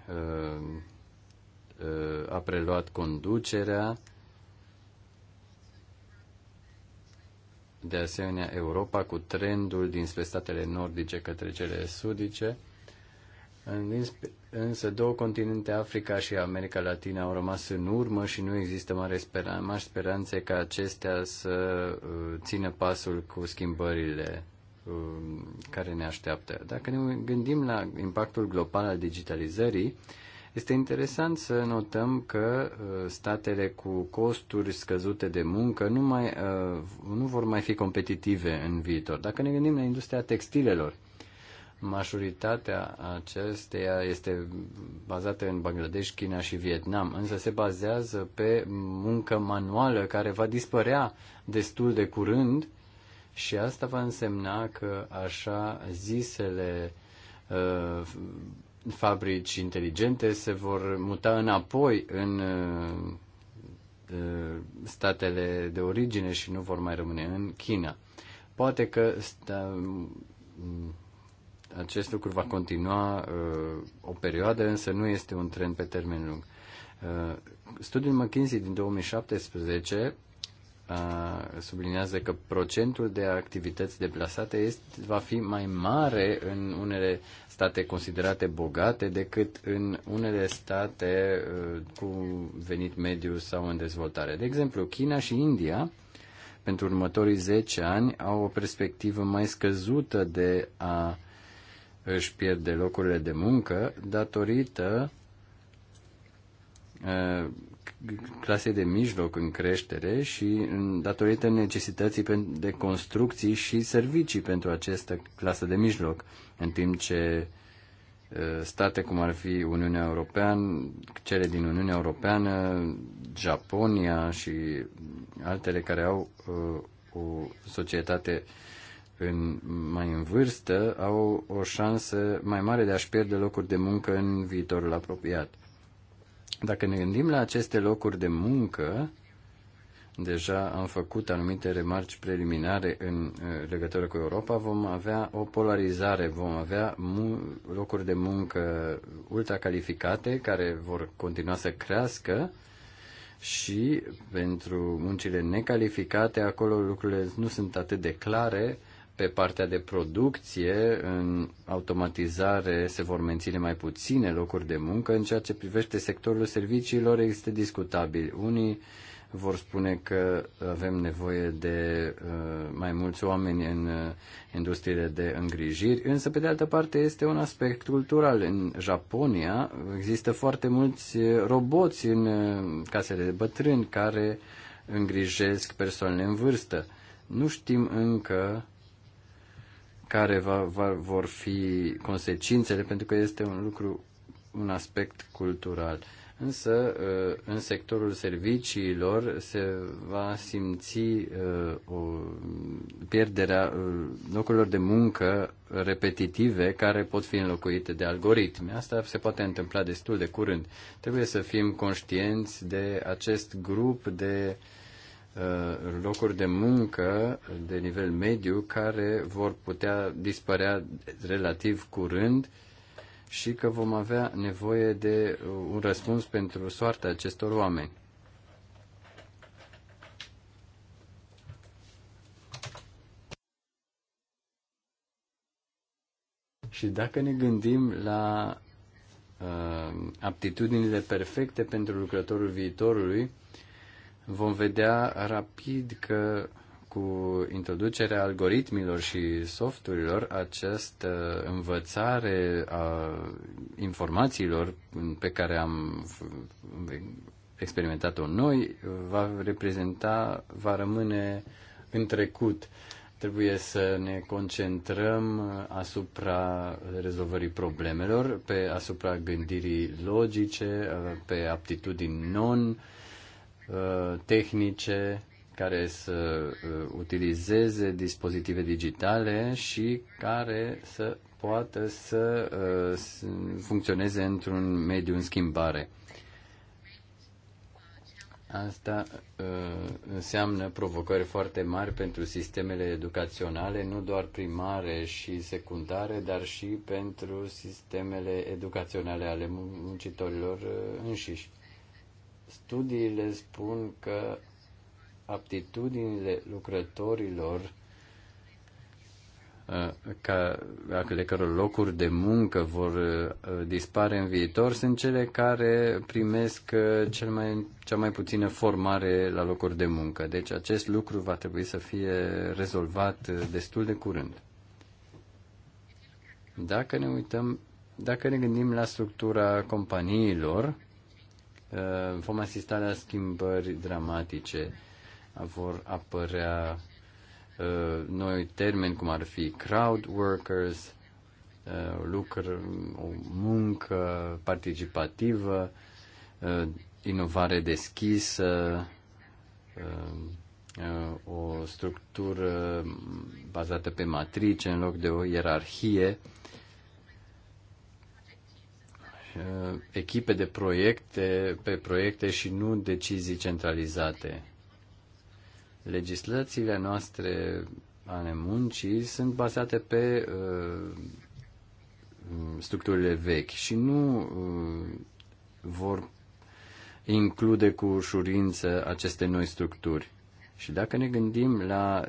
a preluat conducerea de asemenea Europa cu trendul dinspre statele nordice către cele sudice, însă două continente, Africa și America Latina, au rămas în urmă și nu există mare speran- mari speranțe ca acestea să uh, țină pasul cu schimbările um, care ne așteaptă. Dacă ne gândim la impactul global al digitalizării, este interesant să notăm că uh, statele cu costuri scăzute de muncă nu, mai, uh, nu vor mai fi competitive în viitor. Dacă ne gândim la industria textilelor, majoritatea acesteia este bazată în Bangladesh, China și Vietnam, însă se bazează pe muncă manuală care va dispărea destul de curând și asta va însemna că așa zisele uh, fabrici inteligente se vor muta înapoi în uh, uh, statele de origine și nu vor mai rămâne în China. Poate că sta, mm, acest lucru va continua uh, o perioadă, însă nu este un trend pe termen lung. Uh, studiul McKinsey din 2017 sublinează că procentul de activități deplasate este, va fi mai mare în unele state considerate bogate decât în unele state cu venit mediu sau în dezvoltare. De exemplu, China și India pentru următorii 10 ani au o perspectivă mai scăzută de a își pierde locurile de muncă datorită Uh, clase de mijloc în creștere și datorită necesității de construcții și servicii pentru această clasă de mijloc, în timp ce uh, state cum ar fi Uniunea Europeană, cele din Uniunea Europeană, Japonia și altele care au uh, o societate în, mai în vârstă, au o șansă mai mare de a-și pierde locuri de muncă în viitorul apropiat. Dacă ne gândim la aceste locuri de muncă, deja am făcut anumite remarci preliminare în legătură cu Europa, vom avea o polarizare, vom avea locuri de muncă ultracalificate care vor continua să crească și pentru muncile necalificate acolo lucrurile nu sunt atât de clare pe partea de producție, în automatizare se vor menține mai puține locuri de muncă. În ceea ce privește sectorul serviciilor, există discutabil. Unii vor spune că avem nevoie de uh, mai mulți oameni în uh, industriile de îngrijiri, însă pe de altă parte este un aspect cultural. În Japonia există foarte mulți uh, roboți în uh, casele de bătrâni care îngrijesc persoanele în vârstă. Nu știm încă care va, va, vor fi consecințele, pentru că este un lucru, un aspect cultural. Însă, uh, în sectorul serviciilor se va simți uh, o pierderea uh, locurilor de muncă repetitive care pot fi înlocuite de algoritmi. Asta se poate întâmpla destul de curând. Trebuie să fim conștienți de acest grup de uh, Uh, locuri de muncă de nivel mediu care vor putea dispărea relativ curând și că vom avea nevoie de un răspuns pentru soarta acestor oameni. Și dacă ne gândim la uh, aptitudinile perfecte pentru lucrătorul viitorului, uh, vom vedea rapid că cu introducerea algoritmilor și softurilor, această învățare a informațiilor pe care am experimentat-o noi va reprezenta, va rămâne în trecut. Trebuie să ne concentrăm asupra rezolvării problemelor, pe asupra gândirii logice, pe aptitudini non- Uh, tehnice care să uh, utilizeze dispozitive digitale și care să poată să uh, funcționeze într-un mediu în schimbare. Asta uh, înseamnă provocări foarte mari pentru sistemele educaționale, nu doar primare și secundare, dar și pentru sistemele educaționale ale muncitorilor uh, înșiși. Studiile spun că aptitudinile lucrătorilor ca, ale căror locuri de muncă vor dispare în viitor sunt cele care primesc cel mai, cea mai puțină formare la locuri de muncă. Deci acest lucru va trebui să fie rezolvat destul de curând. Dacă ne uităm, dacă ne gândim la structura companiilor, Uh, vom asista la schimbări dramatice. Vor apărea uh, noi termeni cum ar fi crowd workers, uh, lucr, o muncă participativă, inovare deschisă, o structură bazată pe matrice în loc de o ierarhie Uh, echipe de proiecte pe proiecte și nu decizii centralizate. Legislațiile noastre ale muncii sunt bazate pe uh, structurile vechi și nu uh, vor include cu ușurință aceste noi structuri. Și dacă ne gândim la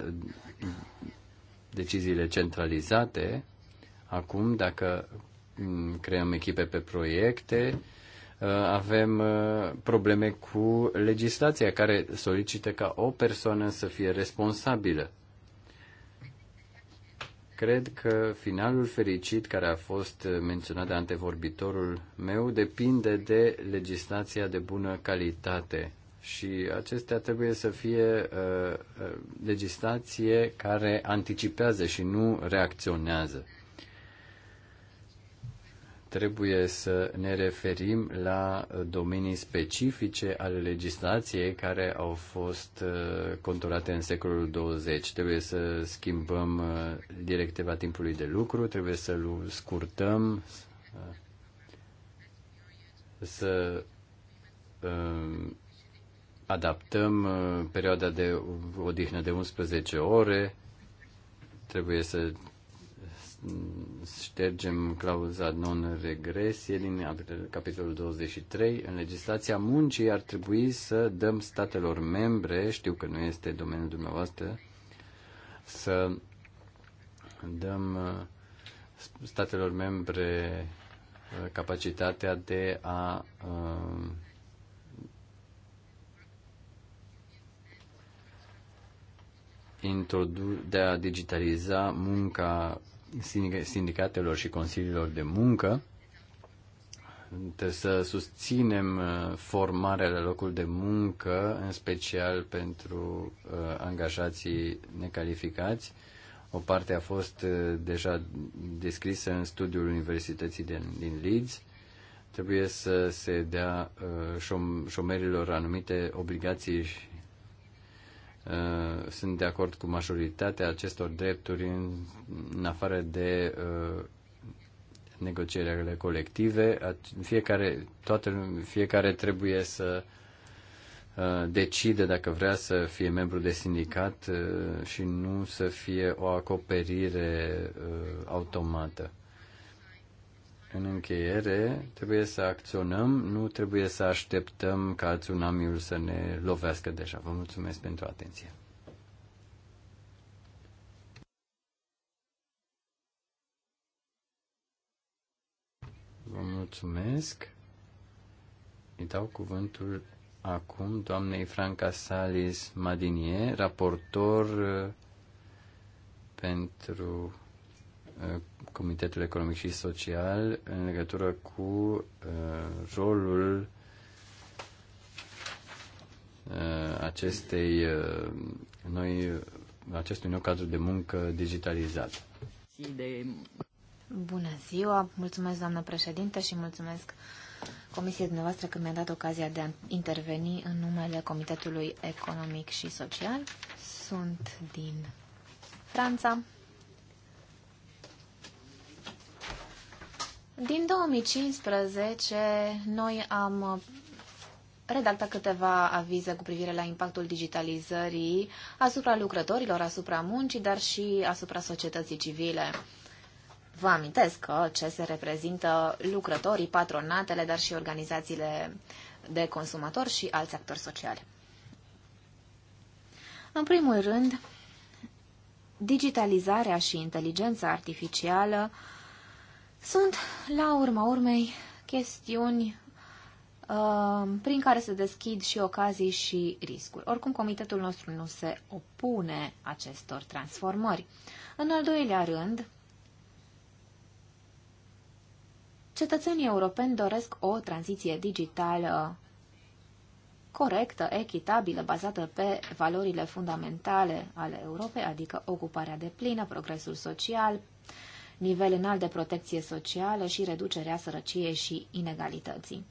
deciziile centralizate, acum dacă Mm, creăm echipe pe proiecte, uh, avem uh, probleme cu legislația care solicită ca o persoană să fie responsabilă. Cred că finalul fericit care a fost menționat de antevorbitorul meu depinde de legislația de bună calitate și acestea trebuie să fie uh, uh legislație care anticipează și nu reacționează trebuie să ne referim la domenii specifice ale legislației care au fost uh, conturate în secolul 20. Trebuie să schimbăm uh, directiva timpului de lucru, trebuie să scurtăm, uh, să adaptăm perioada de odihnă de 11 ore, trebuie să ștergem clauza non-regresie din capitolul 23. În legislația muncii ar trebui să dăm statelor membre, știu că nu este domeniul dumneavoastră, să dăm uh, statelor membre uh, capacitatea de a uh, de a digitaliza munca sindicatelor și consiliilor de muncă. Trebuie să susținem uh, formarea la locul de muncă, în special pentru uh, angajații necalificați. O parte a fost uh, deja descrisă în studiul Universității din Leeds trebuie să se dea șomerilor anumite obligații Uh, sunt de acord cu majoritatea acestor drepturi în, în afară de uh, negocierile colective. Fiecare, toată, fiecare trebuie să uh, decide dacă vrea să fie membru de sindicat uh, și nu să fie o acoperire automată. În încheiere, trebuie să acționăm, nu trebuie să așteptăm ca tsunamiul să ne lovească deja. Vă mulțumesc pentru atenție. Vă mulțumesc. Îi dau cuvântul acum doamnei Franca Salis Madinie, raportor uh, pentru Uh, Comitetul Economic și Social în legătură cu uh, rolul uh, acestei noi, acestui nou cadru de muncă digitalizat. Bună ziua, mulțumesc doamnă președinte și mulțumesc comisiei dumneavoastră că mi-a dat ocazia de a interveni în numele Comitetului Economic și Social. Sunt din Franța. Din 2015, noi am uh, redactat câteva avize cu privire la impactul digitalizării asupra lucrătorilor, asupra muncii, dar și asupra societății civile. Vă amintesc că ce se reprezintă lucrătorii, patronatele, dar și organizațiile de consumatori și alți actori sociali. În primul rând, digitalizarea și inteligența artificială uh, sunt, la urma urmei, chestiuni uh, prin care se deschid și ocazii și riscuri. Oricum, comitetul nostru nu se opune acestor transformări. În al doilea rând, cetățenii europeni doresc o tranziție digitală corectă, echitabilă, bazată pe valorile fundamentale ale Europei, adică ocuparea de plină, progresul social, nivel înalt de protecție socială și reducerea sărăciei și inegalității.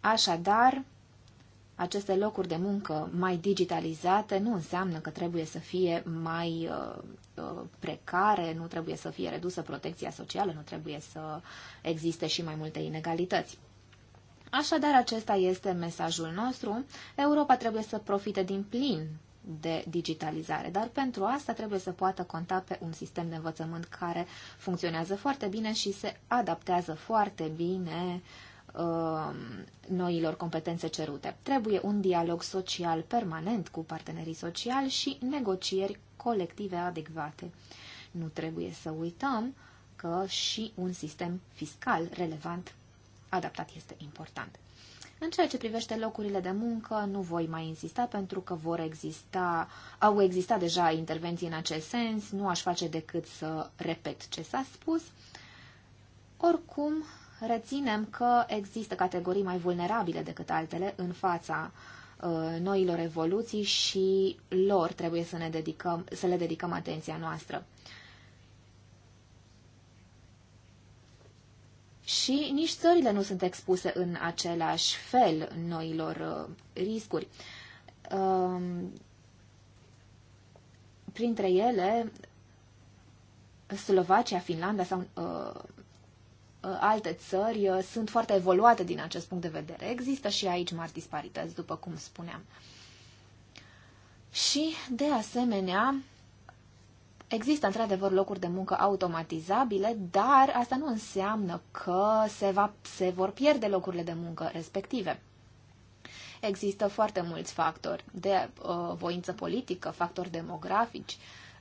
Așadar, aceste locuri de muncă mai digitalizate nu înseamnă că trebuie să fie mai uh, uh, precare, nu trebuie să fie redusă protecția socială, nu trebuie să existe și mai multe inegalități. Așadar, acesta este mesajul nostru. Europa trebuie să profite din plin de digitalizare. Dar pentru asta trebuie să poată conta pe un sistem de învățământ care funcționează foarte bine și se adaptează foarte bine um, noilor competențe cerute. Trebuie un dialog social permanent cu partenerii sociali și negocieri colective adecvate. Nu trebuie să uităm că și un sistem fiscal relevant adaptat este important. În ceea ce privește locurile de muncă, nu voi mai insista pentru că vor exista, au existat deja intervenții în acest sens, nu aș face decât să repet ce s-a spus. Oricum, reținem că există categorii mai vulnerabile decât altele în fața uh, noilor evoluții și lor trebuie să, ne dedicăm, să le dedicăm atenția noastră. și nici țările nu sunt expuse în același fel noilor uh, riscuri. Um, printre ele, Slovacia, Finlanda sau uh, uh, alte țări sunt foarte evoluate din acest punct de vedere. Există și aici mari disparități, după cum spuneam. Și, de asemenea, Există într-adevăr locuri de muncă automatizabile, dar asta nu înseamnă că se, va, se vor pierde locurile de muncă respective. Există foarte mulți factori de uh, voință politică, factori demografici,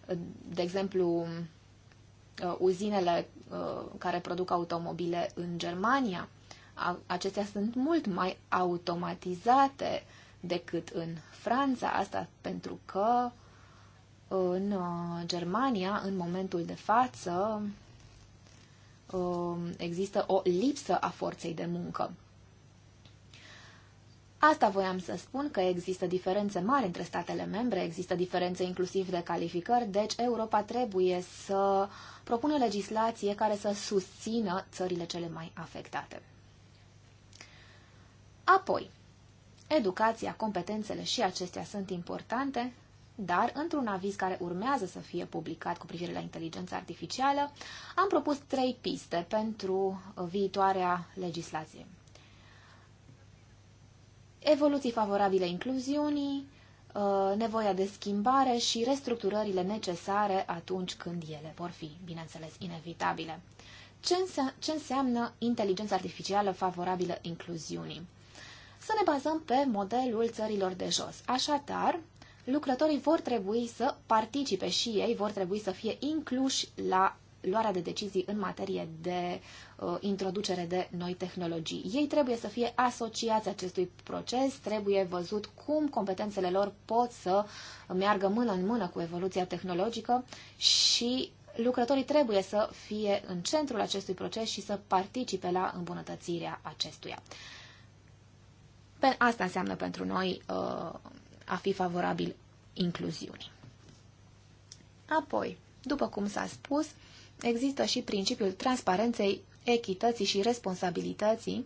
uh, de exemplu, uh, uzinele uh, care produc automobile în Germania. Acestea sunt mult mai automatizate decât în Franța, asta pentru că uh, în uh, Germania, în momentul de față, um, există o lipsă a forței de muncă. Asta voiam să spun că există diferențe mari între statele membre, există diferențe inclusiv de calificări, deci Europa trebuie să propună legislație care să susțină țările cele mai afectate. Apoi, educația, competențele și acestea sunt importante, dar într-un aviz care urmează să fie publicat cu privire la inteligența artificială, am propus trei piste pentru viitoarea legislație. Evoluții favorabile incluziunii, uh, nevoia de schimbare și restructurările necesare atunci când ele vor fi, bineînțeles, inevitabile. Ce, înse- ce înseamnă inteligența artificială favorabilă incluziunii? Să ne bazăm pe modelul țărilor de jos. Așadar, lucrătorii vor trebui să participe și ei, vor trebui să fie incluși la luarea de decizii în materie de uh, introducere de noi tehnologii. Ei trebuie să fie asociați acestui proces, trebuie văzut cum competențele lor pot să meargă mână în mână cu evoluția tehnologică și lucrătorii trebuie să fie în centrul acestui proces și să participe la îmbunătățirea acestuia. Pe asta înseamnă pentru noi uh, a fi favorabil incluziunii. Apoi, după cum s-a spus, există și principiul transparenței, echității și responsabilității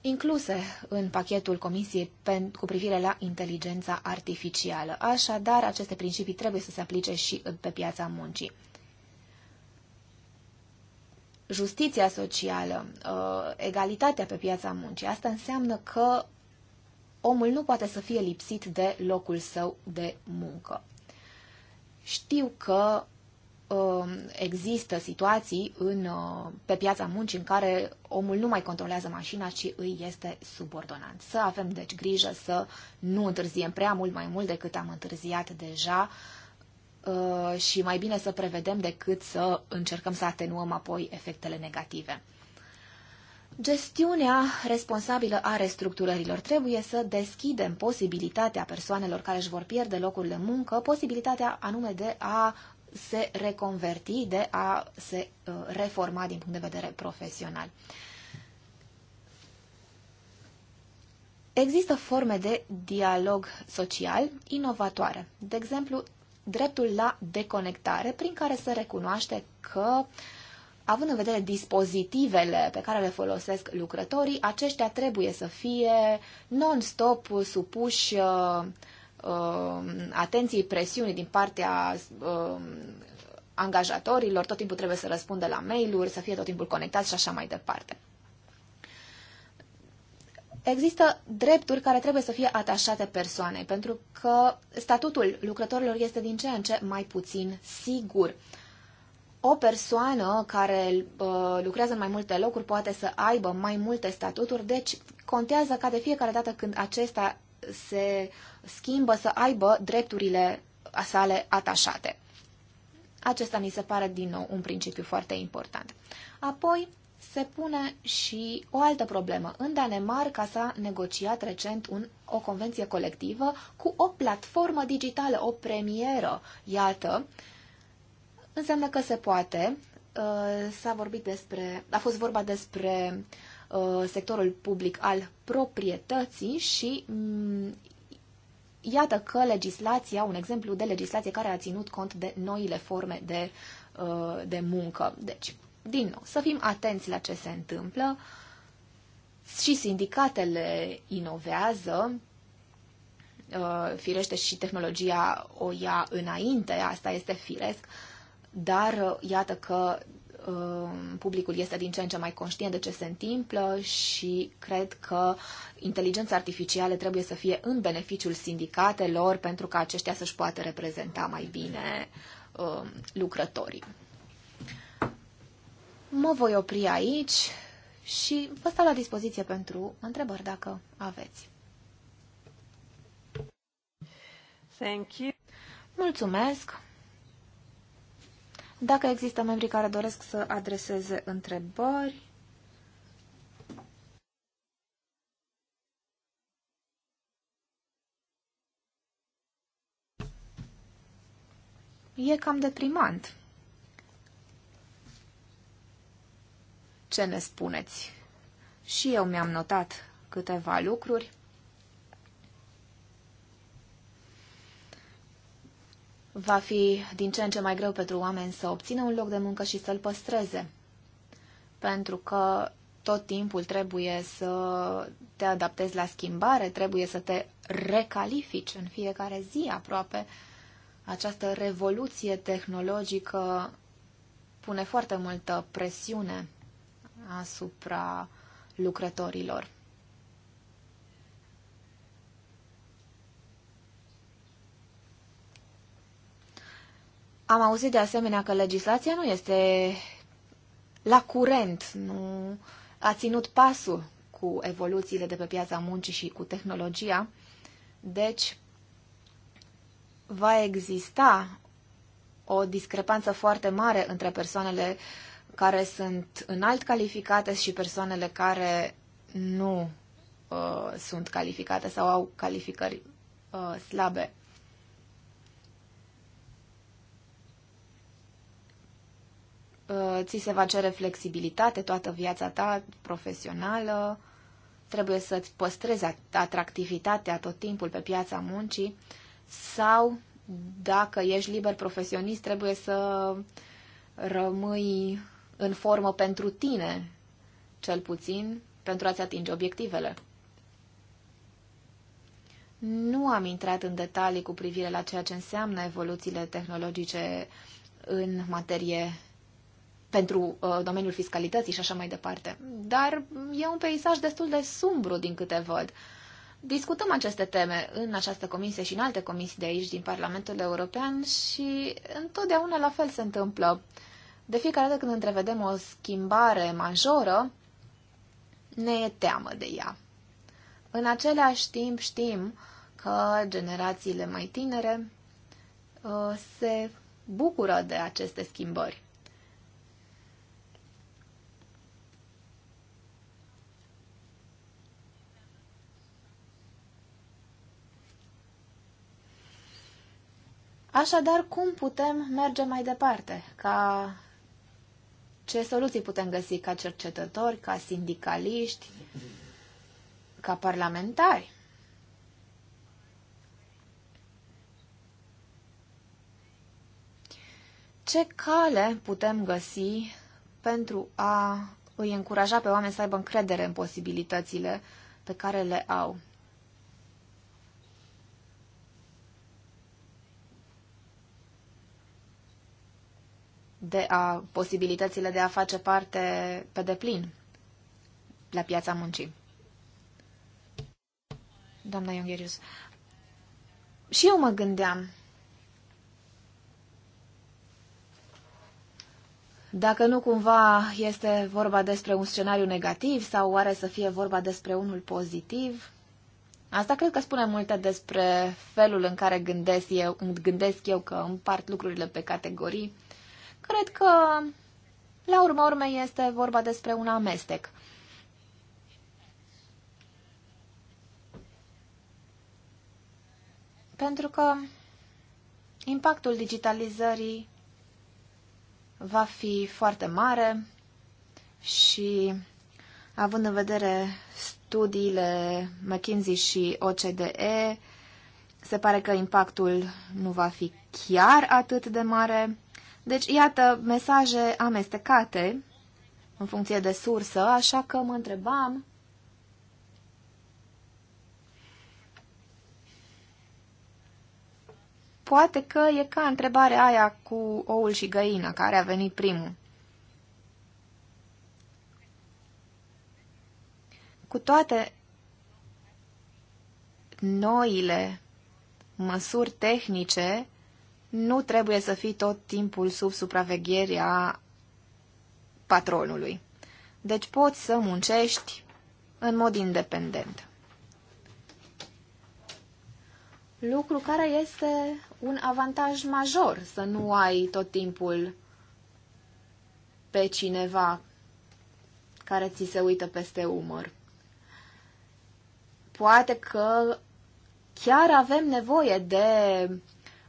incluse în pachetul Comisiei cu privire la inteligența artificială. Așadar, aceste principii trebuie să se aplice și pe piața muncii. Justiția socială, uh, egalitatea pe piața muncii, asta înseamnă că omul nu poate să fie lipsit de locul său de muncă. Știu că um, există situații în, uh, pe piața muncii în care omul nu mai controlează mașina, ci îi este subordonat. Să avem deci grijă să nu întârziem prea mult mai mult decât am întârziat deja uh, și mai bine să prevedem decât să încercăm să atenuăm apoi efectele negative. Gestiunea responsabilă a restructurărilor trebuie să deschidem posibilitatea persoanelor care își vor pierde locul de muncă, posibilitatea anume de a se reconverti, de a se uh, reforma din punct de vedere profesional. Există forme de dialog social inovatoare, de exemplu, dreptul la deconectare, prin care se recunoaște că uh, având în vedere dispozitivele pe care le folosesc lucrătorii, aceștia trebuie să fie non-stop supuși uh, uh, atenției presiunii din partea uh, angajatorilor, tot timpul trebuie să răspundă la mail-uri, să fie tot timpul conectați și așa mai departe. Există drepturi care trebuie să fie atașate persoanei, pentru că statutul lucrătorilor este din ce în ce mai puțin sigur. Uh, o persoană care uh, lucrează în mai multe locuri poate să aibă mai multe statuturi, deci contează ca de fiecare dată când acesta se schimbă să aibă drepturile sale atașate. Acesta mi se pare din nou un principiu foarte important. Apoi se pune și o altă problemă. În Danemarca s-a negociat recent un, o convenție colectivă cu o platformă digitală, o premieră. Iată, uh, Înseamnă că se poate. Uh, s-a vorbit despre, a fost vorba despre uh, sectorul public al proprietății și mm, iată că legislația, un exemplu de legislație care a ținut cont de noile forme de, uh, de muncă. Deci, din nou, să fim atenți la ce se întâmplă. Și sindicatele inovează, firește și tehnologia o ia înainte, asta este firesc, dar uh, iată că uh, publicul este din ce în ce mai conștient de ce se întâmplă și cred că inteligența artificială trebuie să fie în beneficiul sindicatelor pentru ca aceștia să-și poată reprezenta mai bine uh, lucrătorii. Mă voi opri aici și vă stau la dispoziție pentru întrebări dacă aveți. Thank you. Mulțumesc! Dacă există membri care doresc să adreseze întrebări, e cam deprimant. Ce ne spuneți? Și eu mi-am notat câteva lucruri. va fi din ce în ce mai greu pentru oameni să obțină un loc de muncă și să-l păstreze. Pentru că tot timpul trebuie să te adaptezi la schimbare, trebuie să te recalifici în fiecare zi aproape. Această revoluție tehnologică pune foarte multă presiune asupra lucrătorilor. Am auzit de asemenea că legislația nu este la curent, nu a ținut pasul cu evoluțiile de pe piața muncii și cu tehnologia. Deci, va exista o discrepanță foarte mare între persoanele care sunt înalt calificate și persoanele care nu uh, sunt calificate sau au calificări uh, slabe. Uh, ți se va cere flexibilitate toată viața ta profesională, trebuie să-ți păstrezi atractivitatea tot timpul pe piața muncii sau dacă ești liber profesionist, trebuie să rămâi în formă pentru tine, cel puțin, pentru a-ți atinge obiectivele. Nu am intrat în detalii cu privire la ceea ce înseamnă evoluțiile tehnologice în materie pentru uh, domeniul fiscalității și așa mai departe. Dar e un peisaj destul de sumbru din câte văd. Discutăm aceste teme în această comisie și în alte comisii de aici din Parlamentul European și întotdeauna la fel se întâmplă. De fiecare dată când întrevedem o schimbare majoră, ne e teamă de ea. În același timp știm că generațiile mai tinere uh, se bucură de aceste schimbări. Așadar, cum putem merge mai departe? Ca ce soluții putem găsi ca cercetători, ca sindicaliști, ca parlamentari? Ce cale putem găsi pentru a îi încuraja pe oameni să aibă încredere în posibilitățile pe care le au? de a posibilitățile de a face parte pe deplin la piața muncii. Doamna Iungherius, și eu mă gândeam dacă nu cumva este vorba despre un scenariu negativ sau oare să fie vorba despre unul pozitiv. Asta cred că spune multe despre felul în care gândesc eu, gândesc eu că împart lucrurile pe categorii. Cred că, la urma urmei, este vorba despre un amestec. Pentru că impactul digitalizării va fi foarte mare și având în vedere studiile McKinsey și OCDE, se pare că impactul nu va fi chiar atât de mare. Deci, iată, mesaje amestecate în funcție de sursă, așa că mă întrebam Poate că e ca întrebarea aia cu oul și găina, care a venit primul. Cu toate noile măsuri tehnice nu trebuie să fii tot timpul sub supravegherea patronului. Deci poți să muncești în mod independent. Lucru care este un avantaj major, să nu ai tot timpul pe cineva care ți se uită peste umăr. Poate că chiar avem nevoie de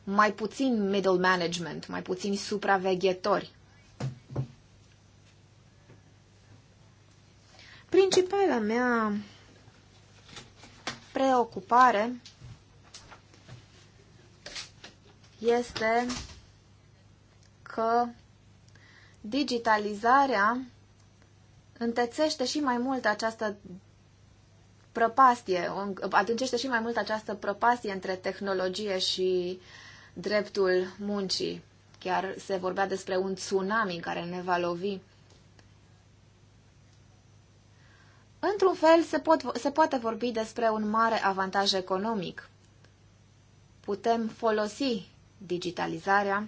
mai puțin middle management, mai puțin supraveghetori. Principala mea preocupare este că digitalizarea întețește și mai mult această prăpastie, adâncește și mai mult această prăpastie între tehnologie și uh, dreptul muncii. Chiar se vorbea despre un tsunami care ne va lovi. Într-un fel, se, pot, se poate vorbi despre un mare avantaj economic. Putem folosi digitalizarea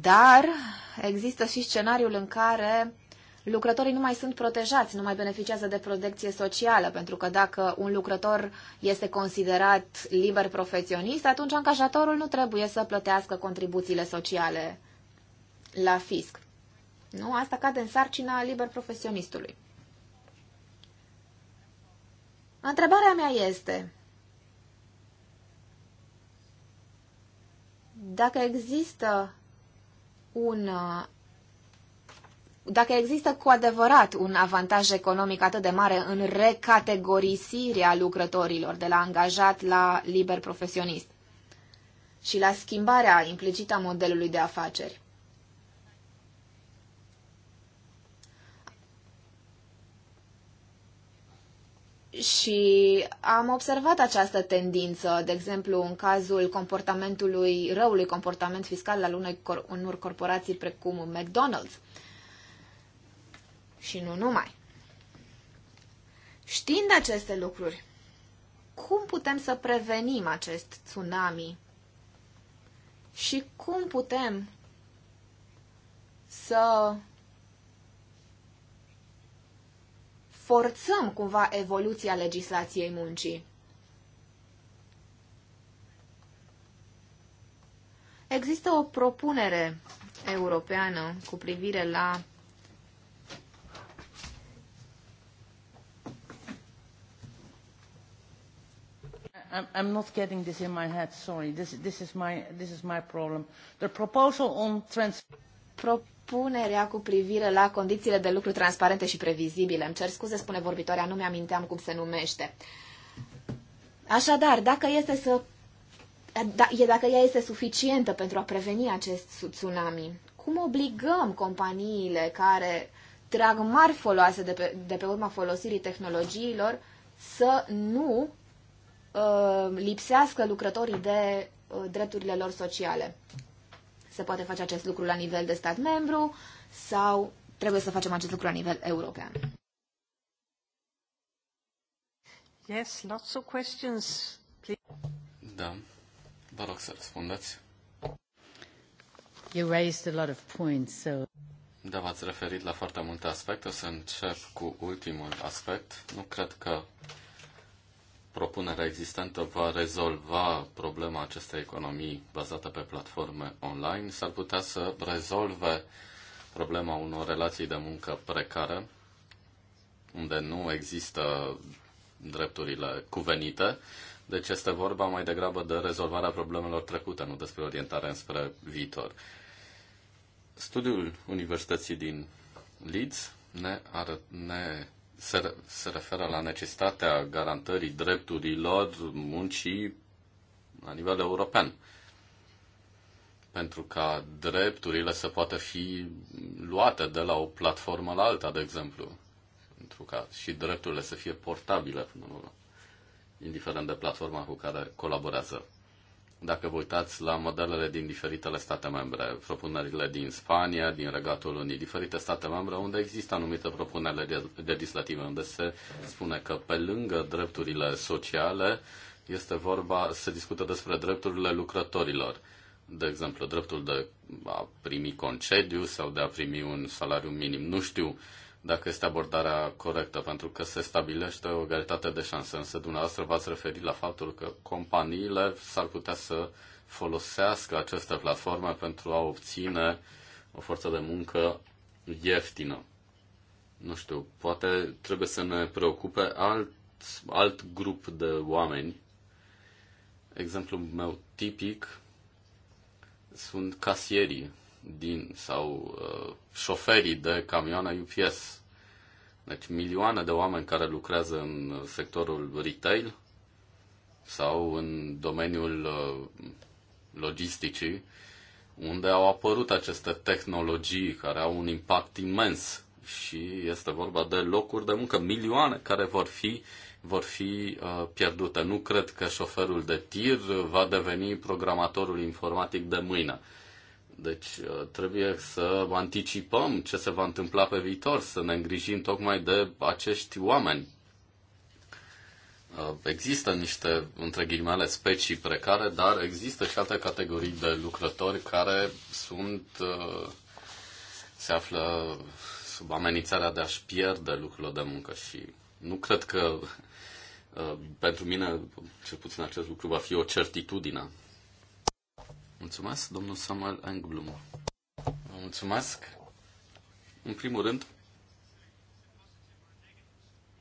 Dar există și scenariul în care lucrătorii nu mai sunt protejați, nu mai beneficiază de protecție socială, pentru că dacă un lucrător este considerat liber profesionist, atunci angajatorul nu trebuie să plătească contribuțiile sociale la fisc. Nu? Asta cade în sarcina liber profesionistului. Întrebarea mea este dacă există un uh, dacă există cu adevărat un avantaj economic atât de mare în recategorisirea lucrătorilor de la angajat la liber profesionist și la schimbarea implicită a modelului de afaceri. Și am observat această tendință, de exemplu, în cazul comportamentului, răului comportament fiscal al unei, unor corporații precum McDonald's. Și nu numai. Știind aceste lucruri, cum putem să prevenim acest tsunami? Și cum putem să forțăm cumva evoluția legislației muncii. Există o propunere europeană cu privire la I'm not getting this in my head, sorry. This, this, is, my, this is my problem. The proposal on trans... Pro propunerea cu privire la condițiile de lucru transparente și previzibile. Îmi cer scuze, spune vorbitoarea, nu mi-aminteam cum se numește. Așadar, dacă este să da, e dacă ea este suficientă pentru a preveni acest tsunami, cum obligăm companiile care trag mari foloase de pe, de pe urma folosirii tehnologiilor să nu uh, lipsească lucrătorii de uh, drepturile lor sociale? Se poate face acest lucru la nivel de stat membru sau trebuie să facem acest lucru la nivel european? Yes, lots of questions. Please. Da. Vă rog să răspundeți. You raised a lot of points, so... Da, v-ați referit la foarte multe aspecte. O să încep cu ultimul aspect. Nu cred că propunerea existentă va rezolva problema acestei economii bazate pe platforme online, s-ar putea să rezolve problema unor relații de muncă precare, unde nu există drepturile cuvenite. Deci este vorba mai degrabă de rezolvarea problemelor trecute, nu despre orientare înspre viitor. Studiul Universității din Leeds ne, ar, ne se, se referă la necesitatea garantării drepturilor muncii la nivel european. Pentru ca drepturile să poată fi luate de la o platformă la alta, de exemplu. Pentru ca și drepturile să fie portabile, până la urmă, indiferent de platforma cu care colaborează dacă vă uitați la modelele din diferitele state membre, propunerile din Spania, din Regatul Unii, diferite state membre unde există anumite propuneri legislative, unde se spune că pe lângă drepturile sociale este vorba, se discută despre drepturile lucrătorilor. De exemplu, dreptul de a primi concediu sau de a primi un salariu minim. Nu știu uh, dacă este abordarea corectă, pentru că se stabilește o egalitate de șanse. Însă dumneavoastră v-ați referit la faptul că companiile s-ar putea să folosească aceste platforme pentru a obține o forță de muncă ieftină. Nu știu, poate trebuie să ne preocupe alt, alt grup de oameni. Exemplul meu tipic sunt casierii din, sau uh, șoferii de camioane UPS. Deci milioane de oameni care lucrează în sectorul retail sau în domeniul uh, logisticii, unde au apărut aceste tehnologii care au un impact imens și este vorba de locuri de muncă, milioane care vor fi vor fi uh, pierdute. Nu cred că șoferul de tir va deveni programatorul informatic de mâine. Deci uh, trebuie să anticipăm ce se va întâmpla pe viitor, să ne îngrijim tocmai de acești oameni. Uh, există niște, între ghilimele, specii precare, dar există și alte categorii de lucrători care sunt, uh, se află sub amenințarea de a-și pierde lucrurile de muncă și nu cred că pentru mine, cel puțin acest lucru, va fi o certitudine Mulțumesc, domnul Samuel Engblum. Vă mulțumesc. În primul rând,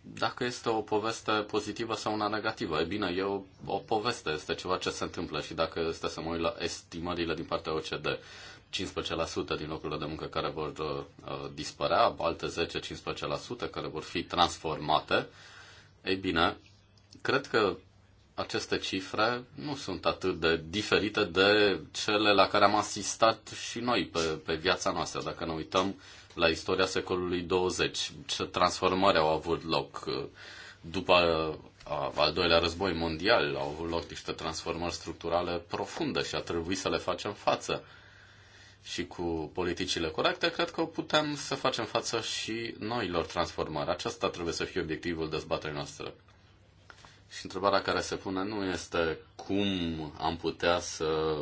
dacă este o poveste pozitivă sau una negativă. E bine, e o, o poveste, este ceva ce se întâmplă și dacă este să mă uit la estimările din partea OCD, 15% din locurile de muncă care vor uh, dispărea, alte 10-15% care vor fi transformate, ei bine, cred că aceste cifre nu sunt atât de diferite de cele la care am asistat și noi pe, pe viața noastră. Dacă ne uităm la istoria secolului 20, ce transformări au avut loc uh, după uh, al doilea război mondial, au avut loc niște transformări structurale profunde și a trebuit să le facem față. Și cu politicile corecte, cred că putem să facem față și noilor transformări. Acesta trebuie să fie obiectivul dezbaterii noastre. Și întrebarea care se pune nu este cum am putea să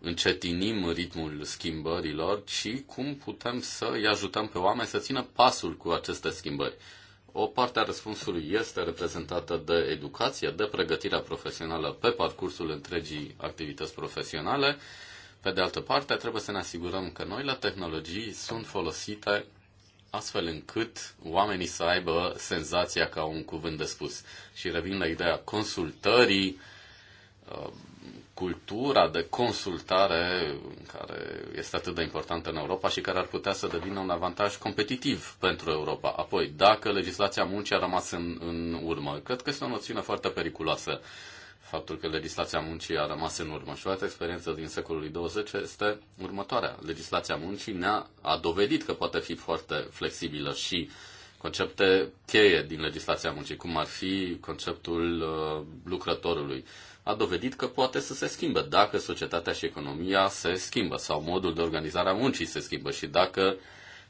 încetinim ritmul schimbărilor, ci cum putem să îi ajutăm pe oameni să țină pasul cu aceste schimbări. O parte a răspunsului este reprezentată de educație, de pregătirea profesională pe parcursul întregii activități profesionale. Pe de altă parte, trebuie să ne asigurăm că noile tehnologii sunt folosite astfel încât oamenii să aibă senzația că au un cuvânt de spus. Și revin la ideea consultării, uh, cultura de consultare care este atât de importantă în Europa și care ar putea să devină un avantaj competitiv pentru Europa. Apoi, dacă legislația muncii a rămas în, în urmă, cred că este o noțiune foarte periculoasă faptul că legislația muncii a rămas în urmă. Și o altă experiență din secolului 20 este următoarea. Legislația muncii ne-a a dovedit că poate fi foarte flexibilă și concepte cheie din legislația muncii, cum ar fi conceptul uh, lucrătorului, a dovedit că poate să se schimbe dacă societatea și economia se schimbă sau modul de organizare a muncii se schimbă și dacă uh,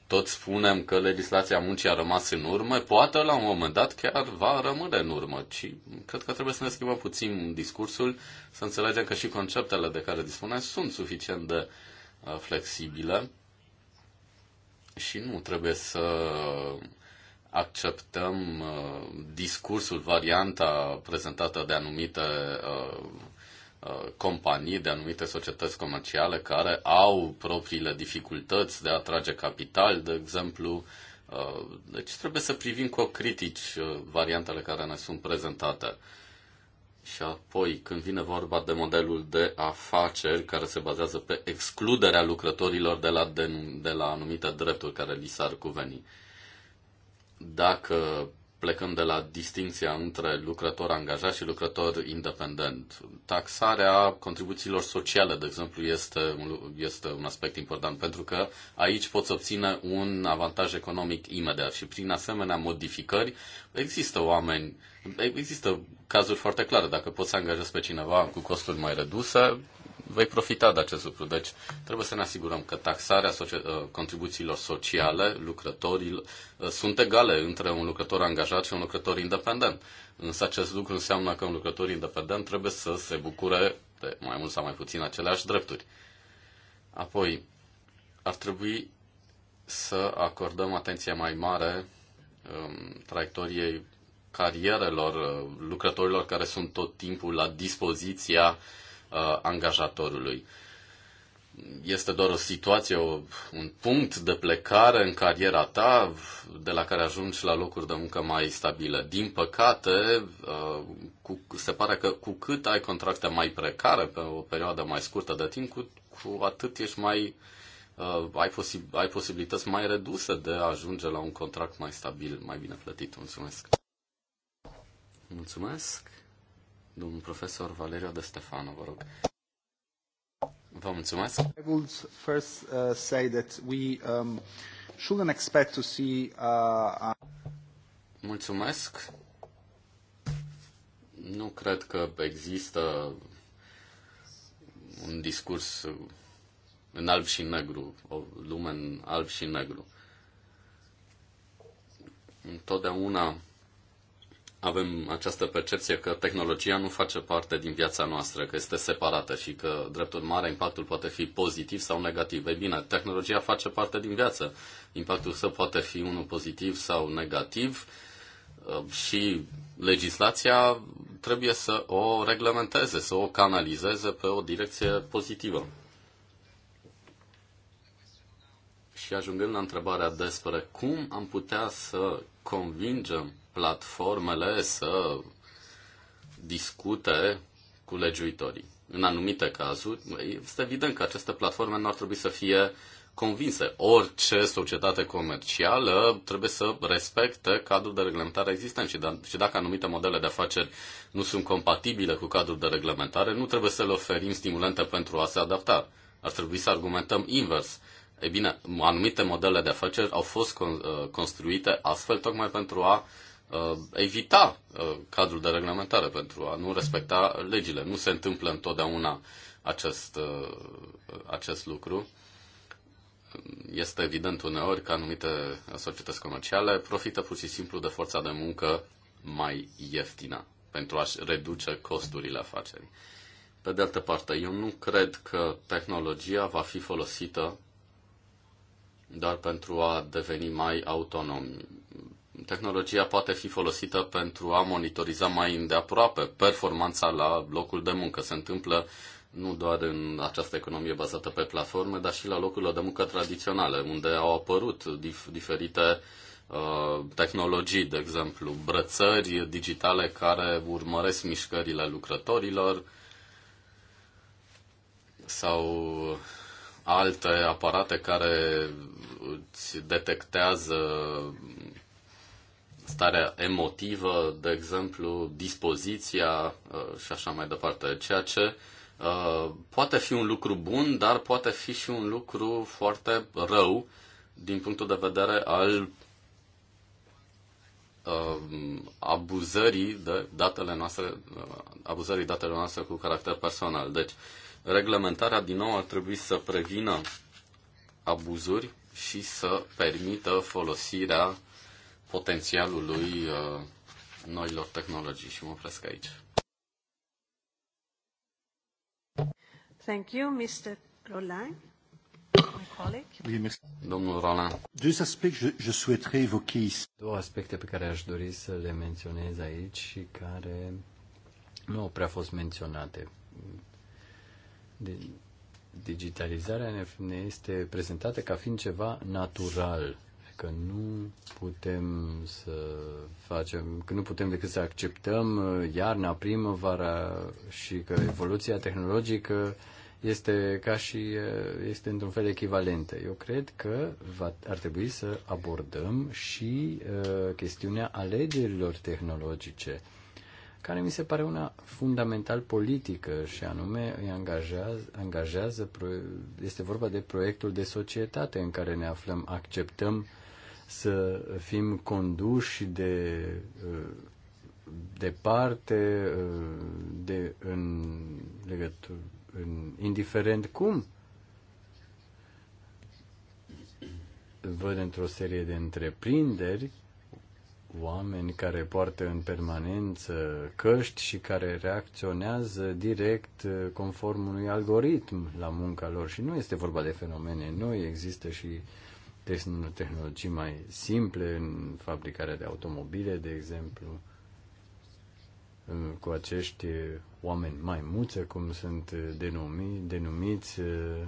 tot spunem că legislația muncii a rămas în urmă, poate la un moment dat chiar va rămâne în urmă, ci cred că trebuie să ne schimbăm puțin discursul, să înțelegem că și conceptele de care dispunem sunt suficient de uh, flexibile și nu trebuie să acceptăm uh, discursul, varianta prezentată de anumite uh, Uh, companii, de anumite societăți comerciale care au propriile dificultăți de a atrage capital, de exemplu. Uh, deci trebuie să privim cu o critici uh, variantele care ne sunt prezentate. Și apoi, când vine vorba de modelul de afaceri care se bazează pe excluderea lucrătorilor de la, de, de la anumite drepturi care li s-ar cuveni. Dacă plecăm de la distinția între lucrător angajat și lucrător independent. Taxarea contribuțiilor sociale, de exemplu, este un, este un aspect important, pentru că aici poți obține un avantaj economic imediat și prin asemenea modificări există oameni, există cazuri foarte clare. Dacă poți să angajezi pe cineva cu costuri mai reduse, vei profita de acest lucru. Deci trebuie să ne asigurăm că taxarea uh, contribuțiilor sociale, lucrătorii, uh, sunt egale între un lucrător angajat și un lucrător independent. Însă acest lucru înseamnă că un lucrător independent trebuie să se bucure de mai mult sau mai puțin aceleași drepturi. Apoi, ar trebui să acordăm atenție mai mare um, traiectoriei carierelor uh, lucrătorilor care sunt tot timpul la dispoziția Uh, angajatorului. Este doar o situație, o, un punct de plecare în cariera ta de la care ajungi la locuri de muncă mai stabile. Din păcate, uh, cu, se pare că cu cât ai contracte mai precare pe o perioadă mai scurtă de timp, cu, cu atât ești mai uh, ai, posi- ai posibilități mai reduse de a ajunge la un contract mai stabil, mai bine plătit. Mulțumesc! Mulțumesc! domnul profesor Valerio de Stefano, vă rog. Vă mulțumesc. I would first uh, say that we um, shouldn't expect to see uh, a... Mulțumesc. Nu cred că există un discurs în alb și negru, o lume în alb și negru. Întotdeauna avem această percepție că tehnologia nu face parte din viața noastră, că este separată și că, drept urmare, impactul poate fi pozitiv sau negativ. Ei bine, tehnologia face parte din viață. Impactul său poate fi unul pozitiv sau negativ uh, și legislația trebuie să o reglementeze, să o canalizeze pe o direcție pozitivă. Și ajungând la întrebarea despre cum am putea să convingem platformele să discute cu legiuitorii. În anumite cazuri, este evident că aceste platforme nu ar trebui să fie convinse. Orice societate comercială trebuie să respecte cadrul de reglementare existent și, da- și dacă anumite modele de afaceri nu sunt compatibile cu cadrul de reglementare, nu trebuie să le oferim stimulente pentru a se adapta. Ar trebui să argumentăm invers. Ei bine, anumite modele de afaceri au fost uh, construite astfel tocmai pentru a uh, evita uh, cadrul de reglementare pentru a nu respecta legile. Nu se întâmplă întotdeauna acest, uh, acest lucru. Este evident uneori că anumite societăți comerciale profită pur și simplu de forța de muncă mai ieftină pentru a-și reduce costurile afacerii. Pe de altă parte, eu nu cred că tehnologia va fi folosită doar pentru a deveni mai autonomi tehnologia poate fi folosită pentru a monitoriza mai îndeaproape performanța la locul de muncă. Se întâmplă nu doar în această economie bazată pe platforme, dar și la locurile de muncă tradiționale, unde au apărut dif- diferite uh, tehnologii, de exemplu, brățări digitale care urmăresc mișcările lucrătorilor sau alte aparate care îți detectează starea emotivă, de exemplu, dispoziția uh, și așa mai departe, ceea ce uh, poate fi un lucru bun, dar poate fi și un lucru foarte rău din punctul de vedere al uh, abuzării de datele noastre, abuzării datelor noastre cu caracter personal. Deci, reglementarea din nou ar trebui să prevină abuzuri și să permită folosirea potențialului uh, noilor tehnologii și mă opresc aici. Thank you, Mr. Roland. Domnul Roland. Deux aspects je, je souhaiterais évoquer ici. Două aspecte pe care aș dori să le menționez aici și care nu au prea fost menționate. Digitalizarea ne este prezentată ca fiind ceva natural că nu putem să facem, că nu putem decât să acceptăm uh, iarna, primăvara și că evoluția tehnologică este ca și uh, este într-un fel echivalentă. Eu cred că va, ar trebui să abordăm și uh, chestiunea alegerilor tehnologice, care mi se pare una fundamental politică și anume îi angajează, angajează este vorba de proiectul de societate în care ne aflăm, acceptăm uh, să fim conduși de uh, departe, uh, de, în legătură, în, indiferent cum. Văd într-o serie de întreprinderi oameni care poartă în permanență căști și care reacționează direct uh, conform unui algoritm la munca lor. Și nu este vorba de fenomene noi, există și uh, tehnologii mai simple în fabricarea de automobile, de exemplu, cu acești oameni mai maimuță, cum sunt denumi, denumiți eh,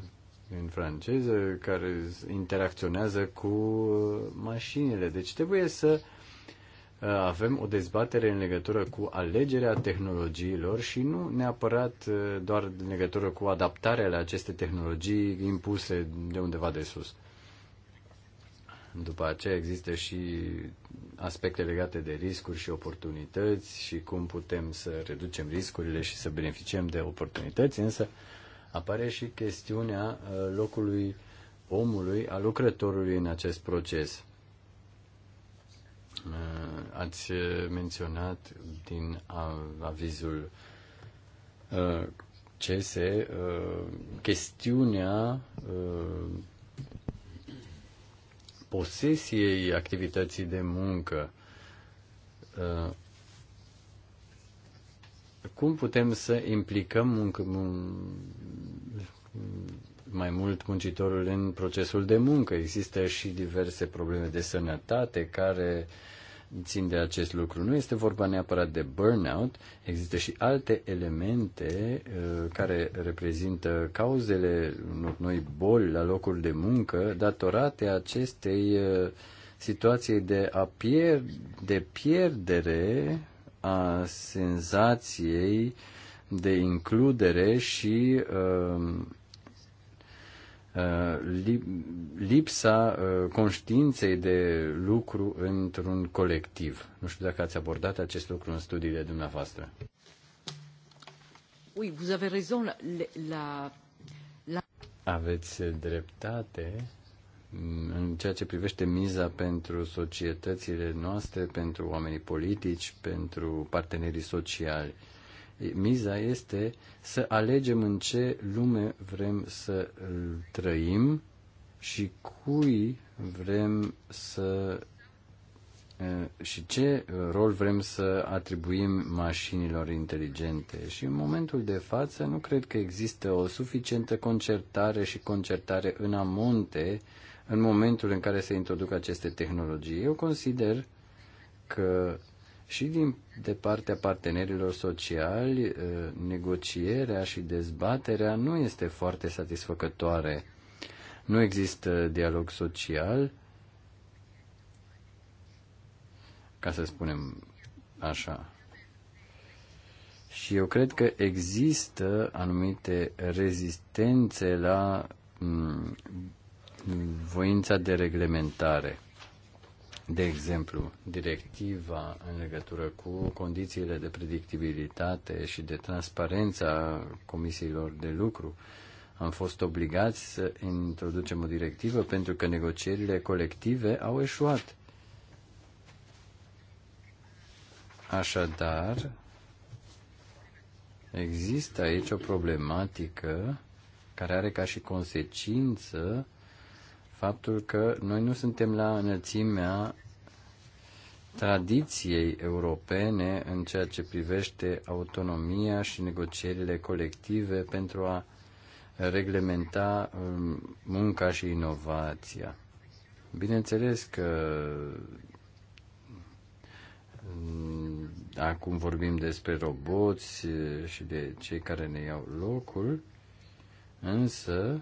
în franceză, care interacționează cu mașinile. Deci trebuie să eh, avem o dezbatere în legătură cu alegerea tehnologiilor și nu neapărat eh, doar în legătură cu adaptarea la aceste tehnologii impuse de undeva de sus. După aceea există și aspecte legate de riscuri și oportunități și cum putem să reducem riscurile și să beneficiem de oportunități, însă apare și chestiunea uh, locului omului, a lucrătorului în acest proces. Uh, ați uh, menționat din avizul CSE chestiunea posesiei activității de muncă. Uh, cum putem să implicăm muncă mai mult muncitorul în procesul de muncă? Există și diverse probleme de sănătate care uh, țin de acest lucru. Nu este vorba neapărat de burnout, există și alte elemente uh, care reprezintă cauzele unor noi boli la locul de muncă datorate acestei uh, situații de, a pier- de pierdere a senzației de includere și uh, Uh, lipsa uh, conștiinței de lucru într-un colectiv. Nu știu dacă ați abordat acest lucru în studiile dumneavoastră. Oui, vous avez raison. La, la... Aveți dreptate în ceea ce privește miza pentru societățile noastre, pentru oamenii politici, pentru partenerii sociali. Uh, Miza este să alegem în ce lume vrem să trăim și cui vrem să și ce rol vrem să atribuim mașinilor inteligente. Și în momentul de față nu cred că există o suficientă concertare și concertare în amonte în momentul în care se introduc aceste tehnologii. Eu consider că și din, de partea partenerilor sociali, eh, negocierea și dezbaterea nu este foarte satisfăcătoare. Nu există dialog social, ca să spunem așa. Și eu cred că există anumite rezistențe la mm, voința de reglementare. De exemplu, directiva în legătură cu condițiile de predictibilitate și de transparență a comisiilor de lucru. Am fost obligați să introducem o directivă pentru că negocierile colective au eșuat. Așadar, există aici o problematică care are ca și consecință faptul că noi nu suntem la înălțimea tradiției europene în ceea ce privește autonomia și negocierile colective pentru a reglementa um, munca și inovația. Bineînțeles că um, acum vorbim despre roboți uh, și de cei care ne iau locul, însă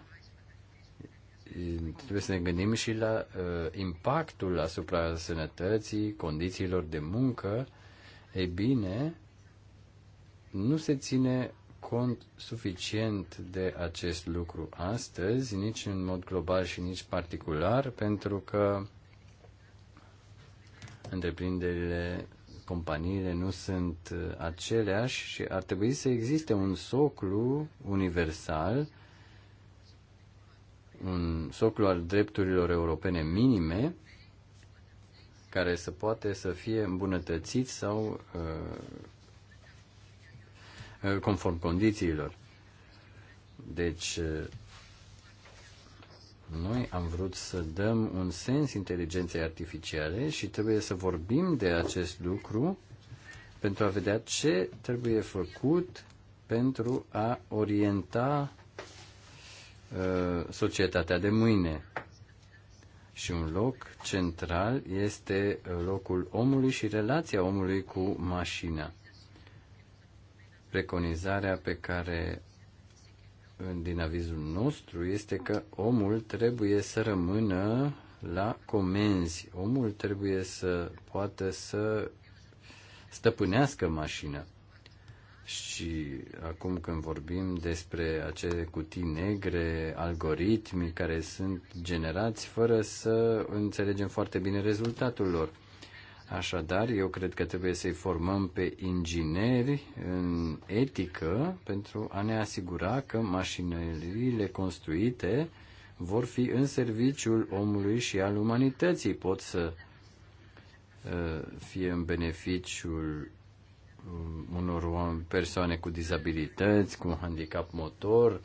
trebuie să ne gândim și la uh, impactul asupra sănătății, condițiilor de muncă. Ei bine, nu se ține cont suficient de acest lucru astăzi, nici în mod global și nici particular, pentru că întreprinderile, companiile nu sunt uh, aceleași și ar trebui să existe un soclu universal un soclu al drepturilor europene minime care să poate să fie îmbunătățit sau uh, uh, conform condițiilor. Deci, uh, noi am vrut să dăm un sens inteligenței artificiale și trebuie să vorbim de acest lucru pentru a vedea ce trebuie făcut pentru a orienta Uh, societatea de mâine. Și un loc central este uh, locul omului și relația omului cu mașina. Preconizarea pe care din avizul nostru este că omul trebuie să rămână la comenzi. Omul trebuie să poată să stăpânească mașina. Și acum când vorbim despre acele cutii negre, algoritmi care sunt generați fără să înțelegem foarte bine rezultatul lor. Așadar, eu cred că trebuie să-i formăm pe ingineri în etică pentru a ne asigura că mașinările construite vor fi în serviciul omului și al umanității, pot să uh, fie în beneficiul Um, unor persoane cu dizabilități, cu handicap motor,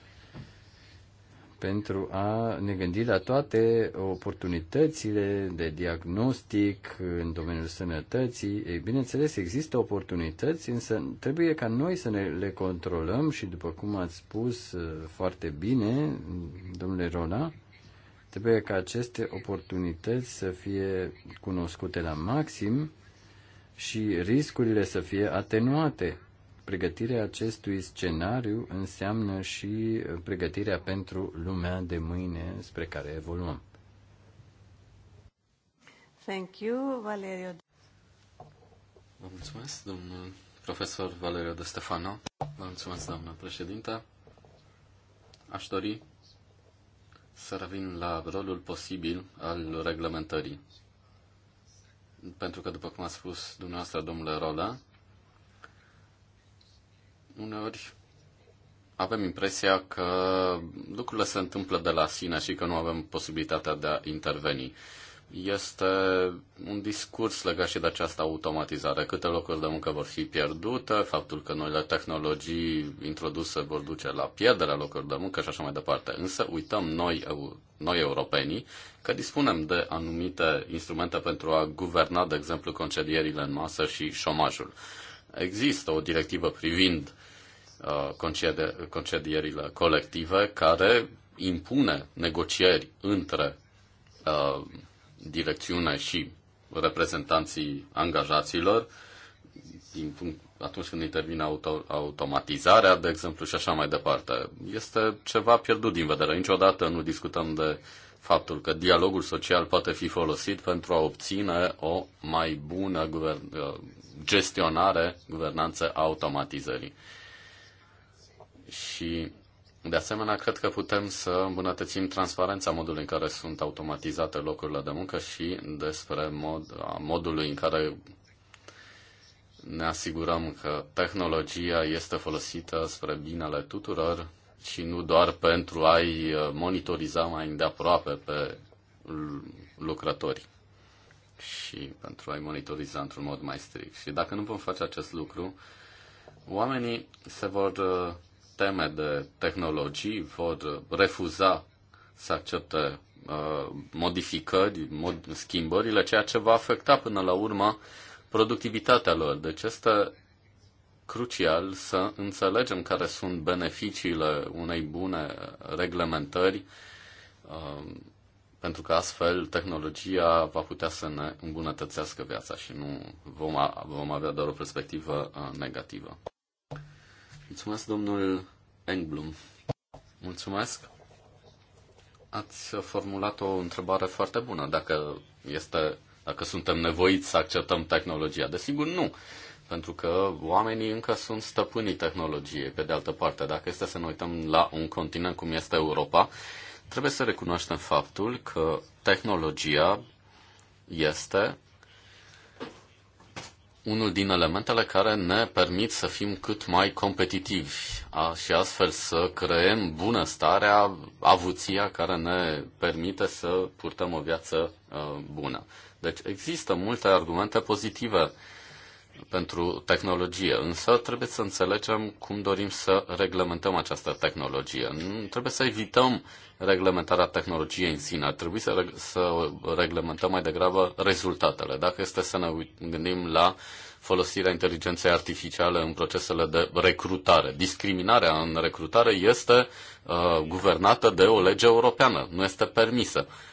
pentru a ne gândi la toate oportunitățile de diagnostic în domeniul sănătății. Ei, bineînțeles, există oportunități, însă trebuie ca noi să ne le controlăm și, după cum ați spus uh, foarte bine, domnule Rona, trebuie ca aceste oportunități să fie cunoscute la maxim și riscurile să fie atenuate. Pregătirea acestui scenariu înseamnă și pregătirea pentru lumea de mâine spre care evoluăm. Thank you, Valerio. Vă mulțumesc, domnul profesor Valerio de Stefano. Vă mulțumesc, doamnă președintă. Aș dori să revin la rolul posibil al reglementării pentru că, după cum a spus dumneavoastră, domnule Rola, uneori avem impresia că lucrurile se întâmplă de la sine și că nu avem posibilitatea de a interveni este un discurs legat și de această automatizare. Câte locuri de muncă vor fi pierdute, faptul că noile tehnologii introduse vor duce la pierderea locurilor de muncă și așa mai departe. Însă uităm noi, noi europenii că dispunem de anumite instrumente pentru a guverna, de exemplu, concedierile în masă și șomajul. Există o directivă privind uh, concede, concedierile colective care impune negocieri între uh, direcțiunea și reprezentanții angajaților, din punct, atunci când intervine auto, automatizarea, de exemplu, și așa mai departe. Este ceva pierdut din vedere. Niciodată nu discutăm de faptul că dialogul social poate fi folosit pentru a obține o mai bună guvern, uh, gestionare, guvernanță a automatizării. Și de asemenea, cred că putem să îmbunătățim transparența modului în care sunt automatizate locurile de muncă și despre mod, a modului în care ne asigurăm că tehnologia este folosită spre binele tuturor și nu doar pentru a-i uh, monitoriza mai îndeaproape pe lucrători și pentru a-i monitoriza într-un mod mai strict. Și dacă nu vom face acest lucru, oamenii se vor uh, teme de tehnologii vor refuza să accepte uh, modificări, mod, schimbările, ceea ce va afecta până la urmă productivitatea lor. Deci este crucial să înțelegem care sunt beneficiile unei bune reglementări, uh, pentru că astfel tehnologia va putea să ne îmbunătățească viața și nu vom, vom avea doar o perspectivă uh, negativă. Mulțumesc, domnul Engblum. Mulțumesc. Ați formulat o întrebare foarte bună. Dacă, este, dacă suntem nevoiți să acceptăm tehnologia, desigur nu. Pentru că oamenii încă sunt stăpânii tehnologiei, pe de altă parte. Dacă este să ne uităm la un continent cum este Europa, trebuie să recunoaștem faptul că tehnologia este unul din elementele care ne permit să fim cât mai competitivi și astfel să creăm bunăstarea, avuția care ne permite să purtăm o viață uh, bună. Deci există multe argumente pozitive pentru tehnologie, însă trebuie să înțelegem cum dorim să reglementăm această tehnologie. Trebuie să evităm reglementarea tehnologiei în sine, ar trebui să, reg- să reglementăm mai degrabă rezultatele. Dacă este să ne gândim la folosirea inteligenței artificiale în procesele de recrutare. Discriminarea în recrutare este uh, guvernată de o lege europeană, nu este permisă. Uh,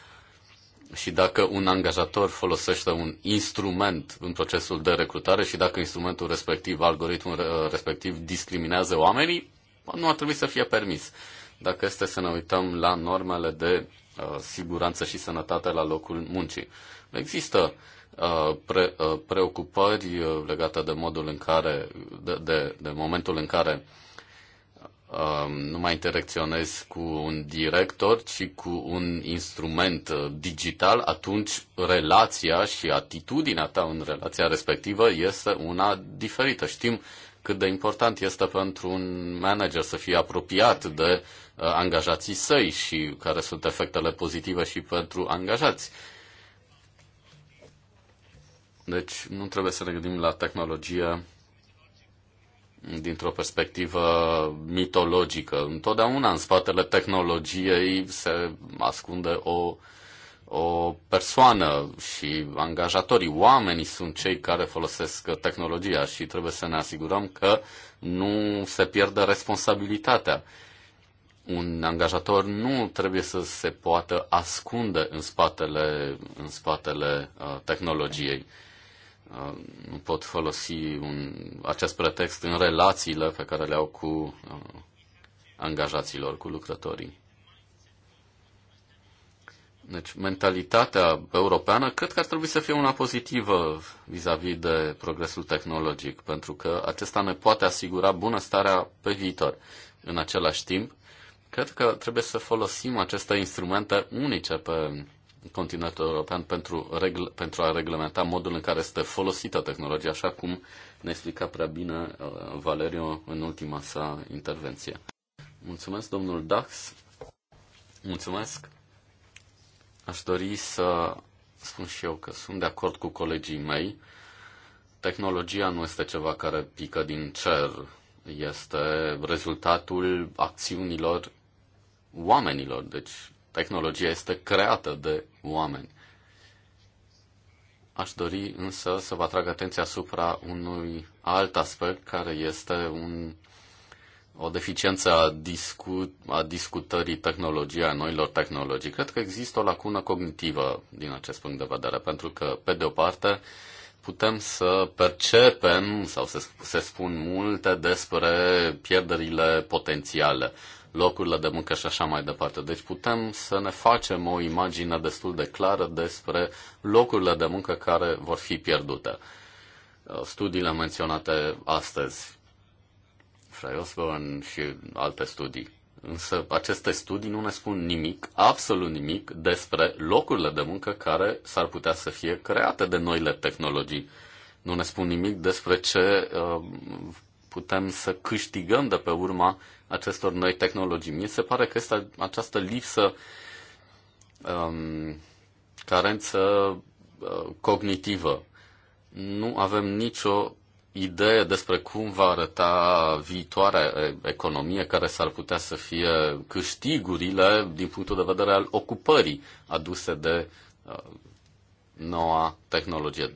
și dacă un angajator folosește un instrument în procesul de recrutare și dacă instrumentul respectiv, algoritmul respectiv discriminează oamenii, nu ar trebui să fie permis. Dacă este să ne uităm la normele de uh, siguranță și sănătate la locul muncii. Există uh, pre, uh, preocupări uh, legate de modul în care, de, de, de momentul în care uh, Um, nu mai interacționezi cu un director, ci cu un instrument uh, digital, atunci relația și atitudinea ta în relația respectivă este una diferită. Știm cât de important este pentru un manager să fie apropiat de uh, angajații săi și care sunt efectele pozitive și pentru angajați. Deci nu trebuie să ne gândim la tehnologie dintr-o perspectivă mitologică. Întotdeauna în spatele tehnologiei se ascunde o, o persoană și angajatorii, oamenii sunt cei care folosesc tehnologia și trebuie să ne asigurăm că nu se pierde responsabilitatea. Un angajator nu trebuie să se poată ascunde în spatele, în spatele uh, tehnologiei. Uh, nu pot folosi un, acest pretext în relațiile pe care le au cu uh, angajaților, cu lucrătorii. Deci, mentalitatea europeană cred că ar trebui să fie una pozitivă vis-a-vis -vis de progresul tehnologic, pentru că acesta ne poate asigura bunăstarea pe viitor. În același timp, cred că trebuie să folosim aceste instrumente unice pe continentul european pentru, regl- pentru a reglementa modul în care este folosită tehnologia, așa cum ne explica prea bine uh, Valerio în ultima sa intervenție. Mulțumesc, domnul Dax. Mulțumesc. Aș dori să spun și eu că sunt de acord cu colegii mei. Tehnologia nu este ceva care pică din cer, este rezultatul acțiunilor oamenilor. Deci tehnologia este creată de oameni. Aș dori însă să vă atrag atenția asupra unui alt aspect care este un, o deficiență a, discu, a discutării tehnologiei, a noilor tehnologii. Cred că există o lacună cognitivă din acest punct de vedere, pentru că, pe de o parte, putem să percepem sau să se spun multe despre pierderile potențiale locurile de muncă și așa mai departe. Deci putem să ne facem o imagine destul de clară despre locurile de muncă care vor fi pierdute. Uh, studiile menționate astăzi, Fray Osborne și alte studii. Însă aceste studii nu ne spun nimic, absolut nimic, despre locurile de muncă care s-ar putea să fie create de noile tehnologii. Nu ne spun nimic despre ce uh, putem să câștigăm de pe urma acestor noi tehnologii. Mi se pare că este această lipsă, um, carență uh, cognitivă. Nu avem nicio idee despre cum va arăta viitoarea economie care s-ar putea să fie câștigurile din punctul de vedere al ocupării aduse de uh, noua tehnologie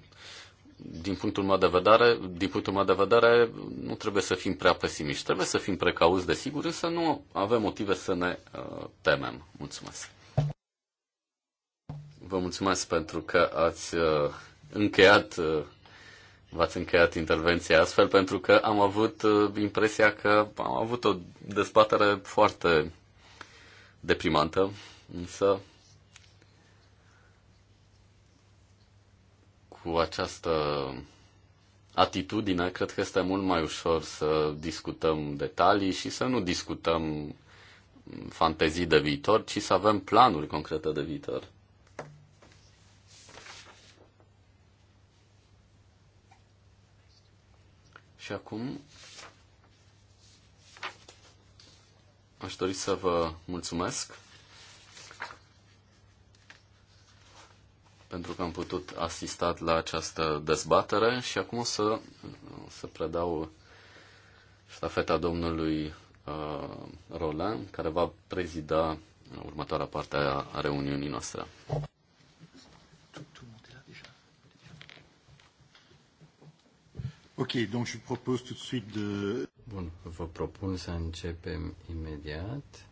din punctul meu de vedere, din punctul meu de vedere, nu trebuie să fim prea pesimiști. Trebuie să fim precauți, desigur, însă nu avem motive să ne uh, temem. Mulțumesc. Vă mulțumesc pentru că ați uh, încheiat uh, v-ați încheiat intervenția astfel pentru că am avut uh, impresia că am avut o dezbatere foarte deprimantă, însă cu această atitudine, cred că este mult mai ușor să discutăm detalii și să nu discutăm fantezii de viitor, ci să avem planuri concrete de viitor. Și acum aș dori să vă mulțumesc pentru că am putut asista la această dezbatere și acum o să, o să predau ștafeta domnului uh, Roland, care va prezida următoarea parte a, a reuniunii noastre. Ok, donc je propose tout de suite de... Bun, vă propun să începem imediat.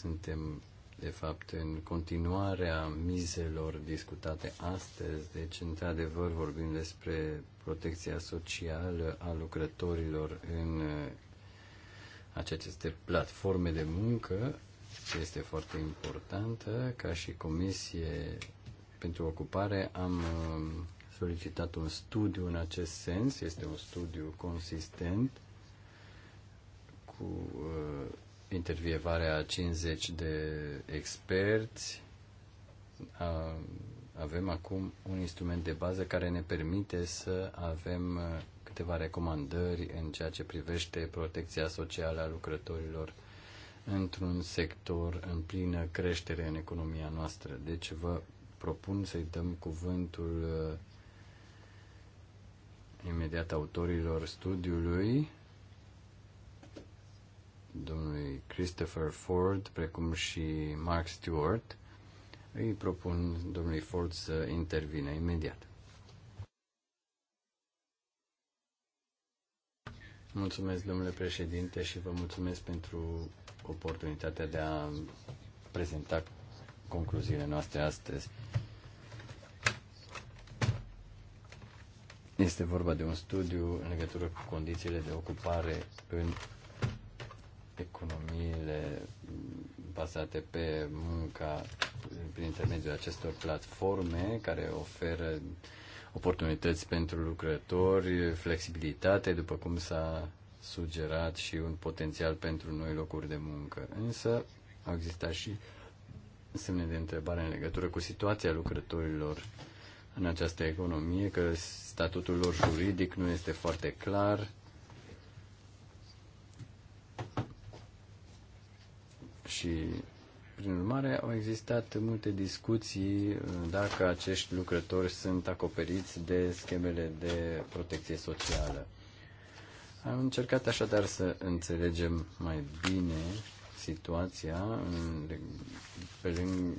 Suntem de fapt, în continuarea mizelor discutate astăzi. Deci, într-adevăr, vorbim despre protecția socială a lucrătorilor în uh, aceste platforme de muncă, este foarte importantă. Ca și Comisie pentru Ocupare am uh, solicitat un studiu în acest sens. Este un studiu consistent cu uh, intervievarea a 50 de experți. Avem acum un instrument de bază care ne permite să avem uh, câteva recomandări în ceea ce privește protecția socială a lucrătorilor într-un sector în plină creștere în economia noastră. Deci vă propun să-i dăm cuvântul uh, imediat autorilor studiului domnului Christopher Ford, precum și Mark Stewart. Îi propun domnului Ford să intervină imediat. Mulțumesc, domnule președinte, și vă mulțumesc pentru oportunitatea de a prezenta concluziile noastre astăzi. Este vorba de un studiu în legătură cu condițiile de ocupare în economiile bazate pe munca prin intermediul acestor platforme care oferă oportunități pentru lucrători, flexibilitate, după cum s-a sugerat și un potențial pentru noi locuri de muncă. Însă au existat și semne de întrebare în legătură cu situația lucrătorilor în această economie, că statutul lor juridic nu este foarte clar, Și, prin urmare, au existat multe discuții dacă acești lucrători sunt acoperiți de schemele de protecție socială. Am încercat așadar să înțelegem mai bine situația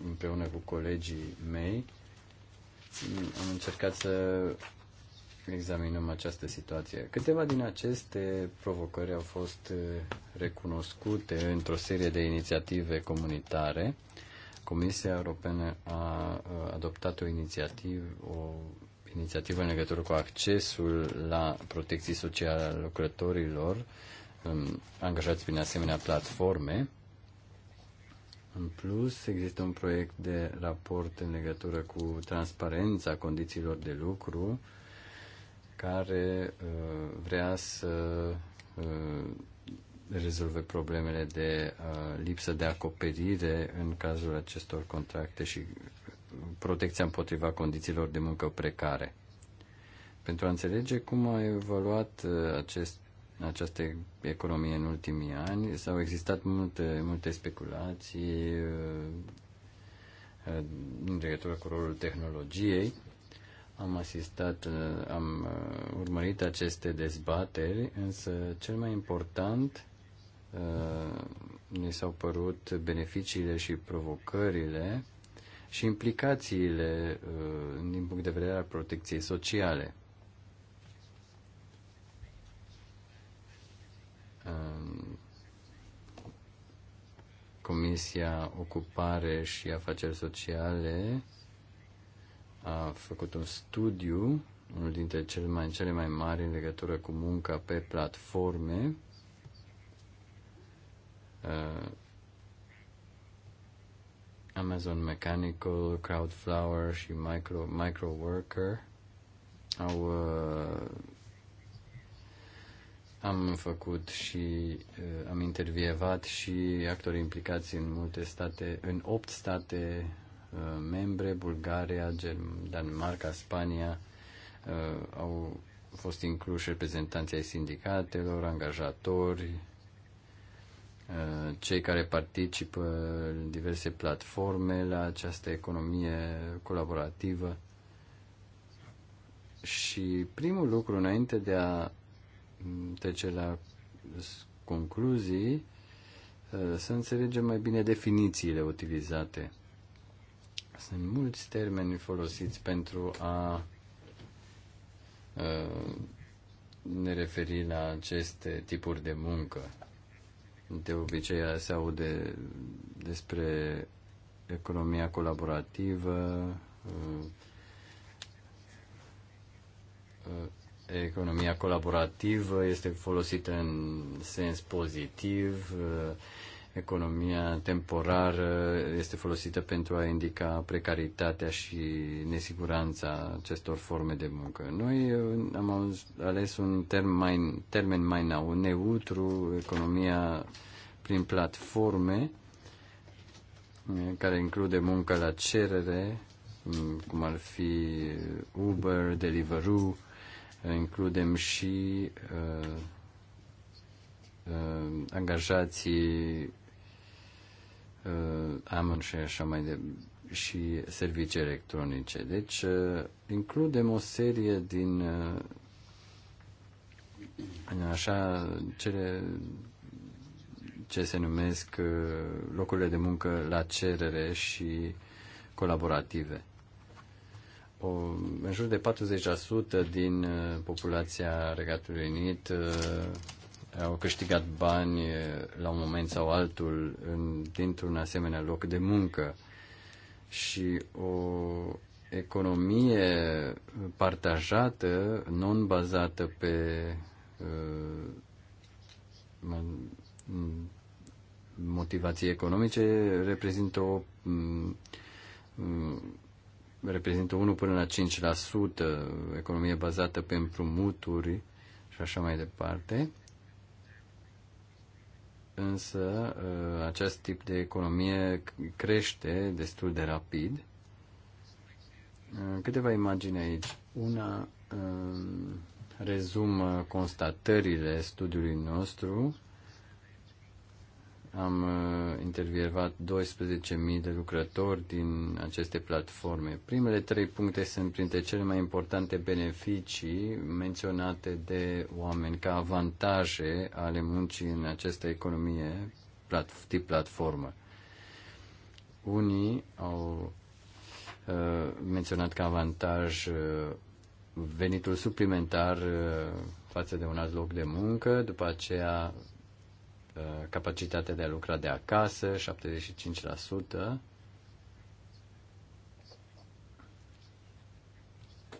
împreună cu colegii mei. Am încercat să examinăm această situație. Câteva din aceste provocări au fost eh, recunoscute într-o serie de inițiative comunitare. Comisia Europeană a eh, adoptat o inițiativă, o inițiativă în legătură cu accesul la protecții sociale a lucrătorilor angajați prin asemenea platforme. În plus, există un proiect de raport în legătură cu transparența condițiilor de lucru care uh, vrea să uh, rezolve problemele de uh, lipsă de acoperire în cazul acestor contracte și protecția împotriva condițiilor de muncă precare. Pentru a înțelege cum a evoluat acest, această economie în ultimii ani, s-au existat multe, multe speculații în legătură cu rolul tehnologiei am asistat, uh, am uh, urmărit aceste dezbateri, însă cel mai important uh, ne s-au părut beneficiile și provocările și implicațiile din punct de vedere al protecției sociale. Um, Comisia Ocupare și Afaceri Sociale a făcut un studiu, unul dintre cele mai, cele mai mari în legătură cu munca pe platforme. Uh, Amazon Mechanical, Crowdflower și Micro, Microworker au uh, am făcut și uh, am intervievat și actori implicați în multe state, în opt state Uh, membre, Bulgaria, Danemarca, Spania, uh, au fost incluși reprezentanții ai sindicatelor, angajatori, uh, cei care participă în diverse platforme la această economie colaborativă. Și primul lucru, înainte de a trece la concluzii, să înțelegem mai bine definițiile utilizate sunt mulți termeni folosiți pentru a ne referi la aceste tipuri de muncă. De obicei se aude despre economia colaborativă, economia colaborativă este folosită în sens pozitiv, Economia temporară este folosită pentru a indica precaritatea și nesiguranța acestor forme de muncă. Noi uh, am ales un termen mai, termen mai nou, neutru, economia prin platforme, uh, care include muncă la cerere, mm, cum ar fi Uber, Deliveroo, includem și uh, uh, angajații uh, Amazon și mai de, și servicii electronice. Deci uh, includem o serie din uh, așa cele ce se numesc uh, locurile de muncă la cerere și colaborative. O, în jur de 40% din populația Regatului Unit au câștigat bani la un moment sau altul în, dintr-un asemenea loc de muncă și o economie partajată, non-bazată pe motivații economice reprezintă o reprezintă 1 până la 5% economie bazată pe împrumuturi și așa mai departe însă ă, acest tip de economie crește destul de rapid. Ă, câteva imagini aici. Una ă, rezumă constatările studiului nostru am uh, intervievat 12.000 de lucrători din aceste platforme. Primele trei puncte sunt printre cele mai importante beneficii menționate de oameni ca avantaje ale muncii în această economie tip platformă. Unii au uh, menționat ca avantaj uh, venitul suplimentar uh, față de un alt loc de muncă, după aceea Uh, capacitatea de a lucra de acasă, 75%,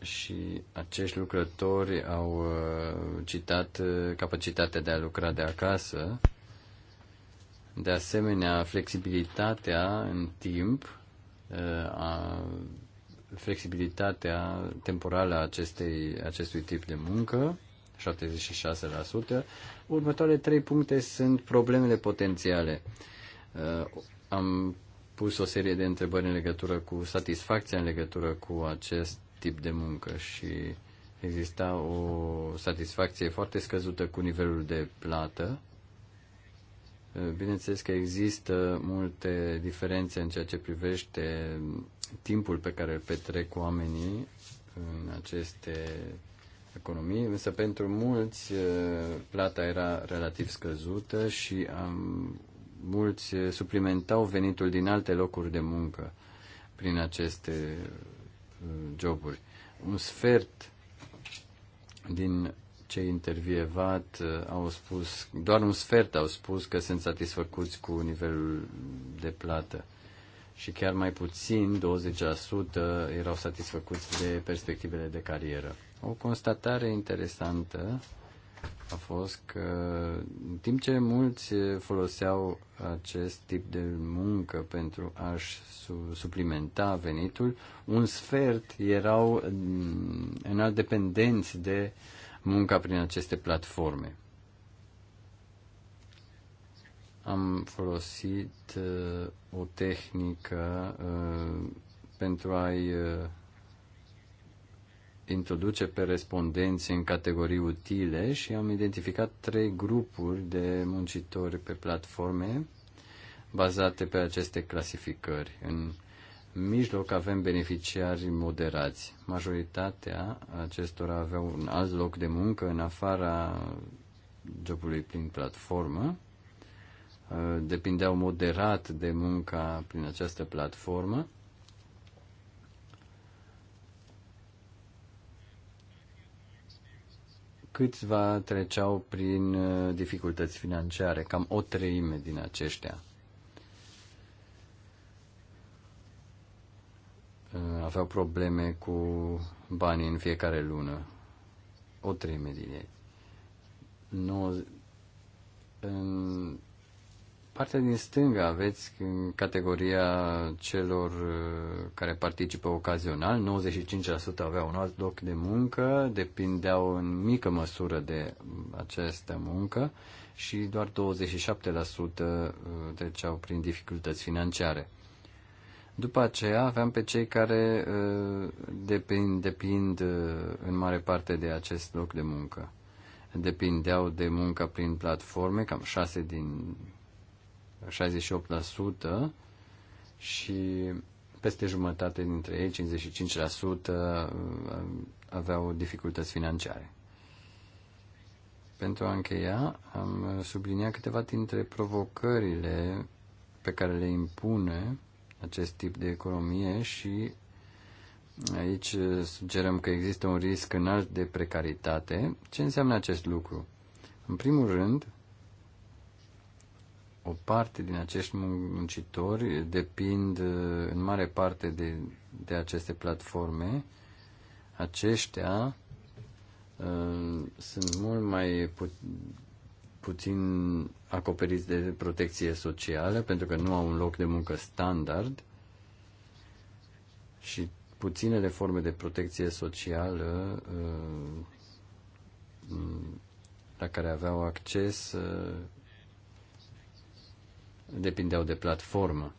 și acești lucrători au uh, citat uh, capacitatea de a lucra de acasă, de asemenea flexibilitatea în timp, a, flexibilitatea temporală a acestui tip de muncă, 76%, Următoarele trei puncte sunt problemele potențiale. Uh, am pus o serie de întrebări în legătură cu satisfacția în legătură cu acest tip de muncă și exista o satisfacție foarte scăzută cu nivelul de plată. Uh, bineînțeles că există multe diferențe în ceea ce privește timpul pe care îl petrec oamenii în aceste economii, însă pentru mulți plata era relativ scăzută și am, mulți suplimentau venitul din alte locuri de muncă prin aceste joburi. Un sfert din cei intervievat au spus, doar un sfert au spus că sunt satisfăcuți cu nivelul de plată și chiar mai puțin, 20%, erau satisfăcuți de perspectivele de carieră. O constatare interesantă a fost că în timp ce mulți foloseau acest tip de muncă pentru a-și su- suplimenta venitul, un sfert erau mm, în dependenți de munca prin aceste platforme. Am folosit uh, o tehnică uh, pentru a-i uh, introduce pe respondenți în categorii utile și am identificat trei grupuri de muncitori pe platforme bazate pe aceste clasificări. În mijloc avem beneficiari moderați. Majoritatea acestora aveau un alt loc de muncă în afara jobului prin platformă. Depindeau moderat de munca prin această platformă câțiva treceau prin uh, dificultăți financiare, cam o treime din aceștia. Uh, aveau probleme cu banii în fiecare lună. O treime din ei partea din stânga aveți în categoria celor uh, care participă ocazional, 95% aveau un alt loc de muncă, depindeau în mică măsură de această muncă și doar 27% uh, treceau prin dificultăți financiare. După aceea aveam pe cei care uh, depind, depind în mare parte de acest loc de muncă. Depindeau de muncă prin platforme, cam 6 din 68% și peste jumătate dintre ei, 55%, aveau dificultăți financiare. Pentru a încheia, am subliniat câteva dintre provocările pe care le impune acest tip de economie și aici sugerăm că există un risc înalt de precaritate. Ce înseamnă acest lucru? În primul rând, o parte din acești muncitori depind uh, în mare parte de, de aceste platforme. Aceștia uh, sunt mult mai pu- puțin acoperiți de protecție socială pentru că nu au un loc de muncă standard și puținele forme de protecție socială uh, la care aveau acces uh, depindeau de platformă.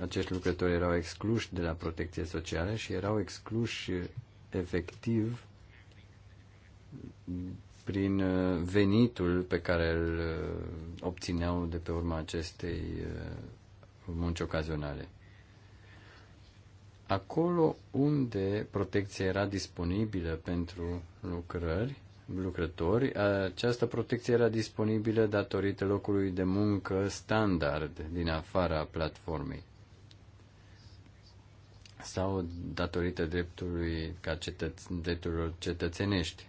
Acești lucrători erau excluși de la protecție socială și erau excluși efectiv prin uh, venitul pe care îl uh, obțineau de pe urma acestei uh, munci ocazionale. Acolo unde protecția era disponibilă pentru lucrări, lucrători, această protecție era disponibilă datorită locului de muncă standard din afara platformei sau datorită dreptului ca cetăț- drepturilor cetățenești.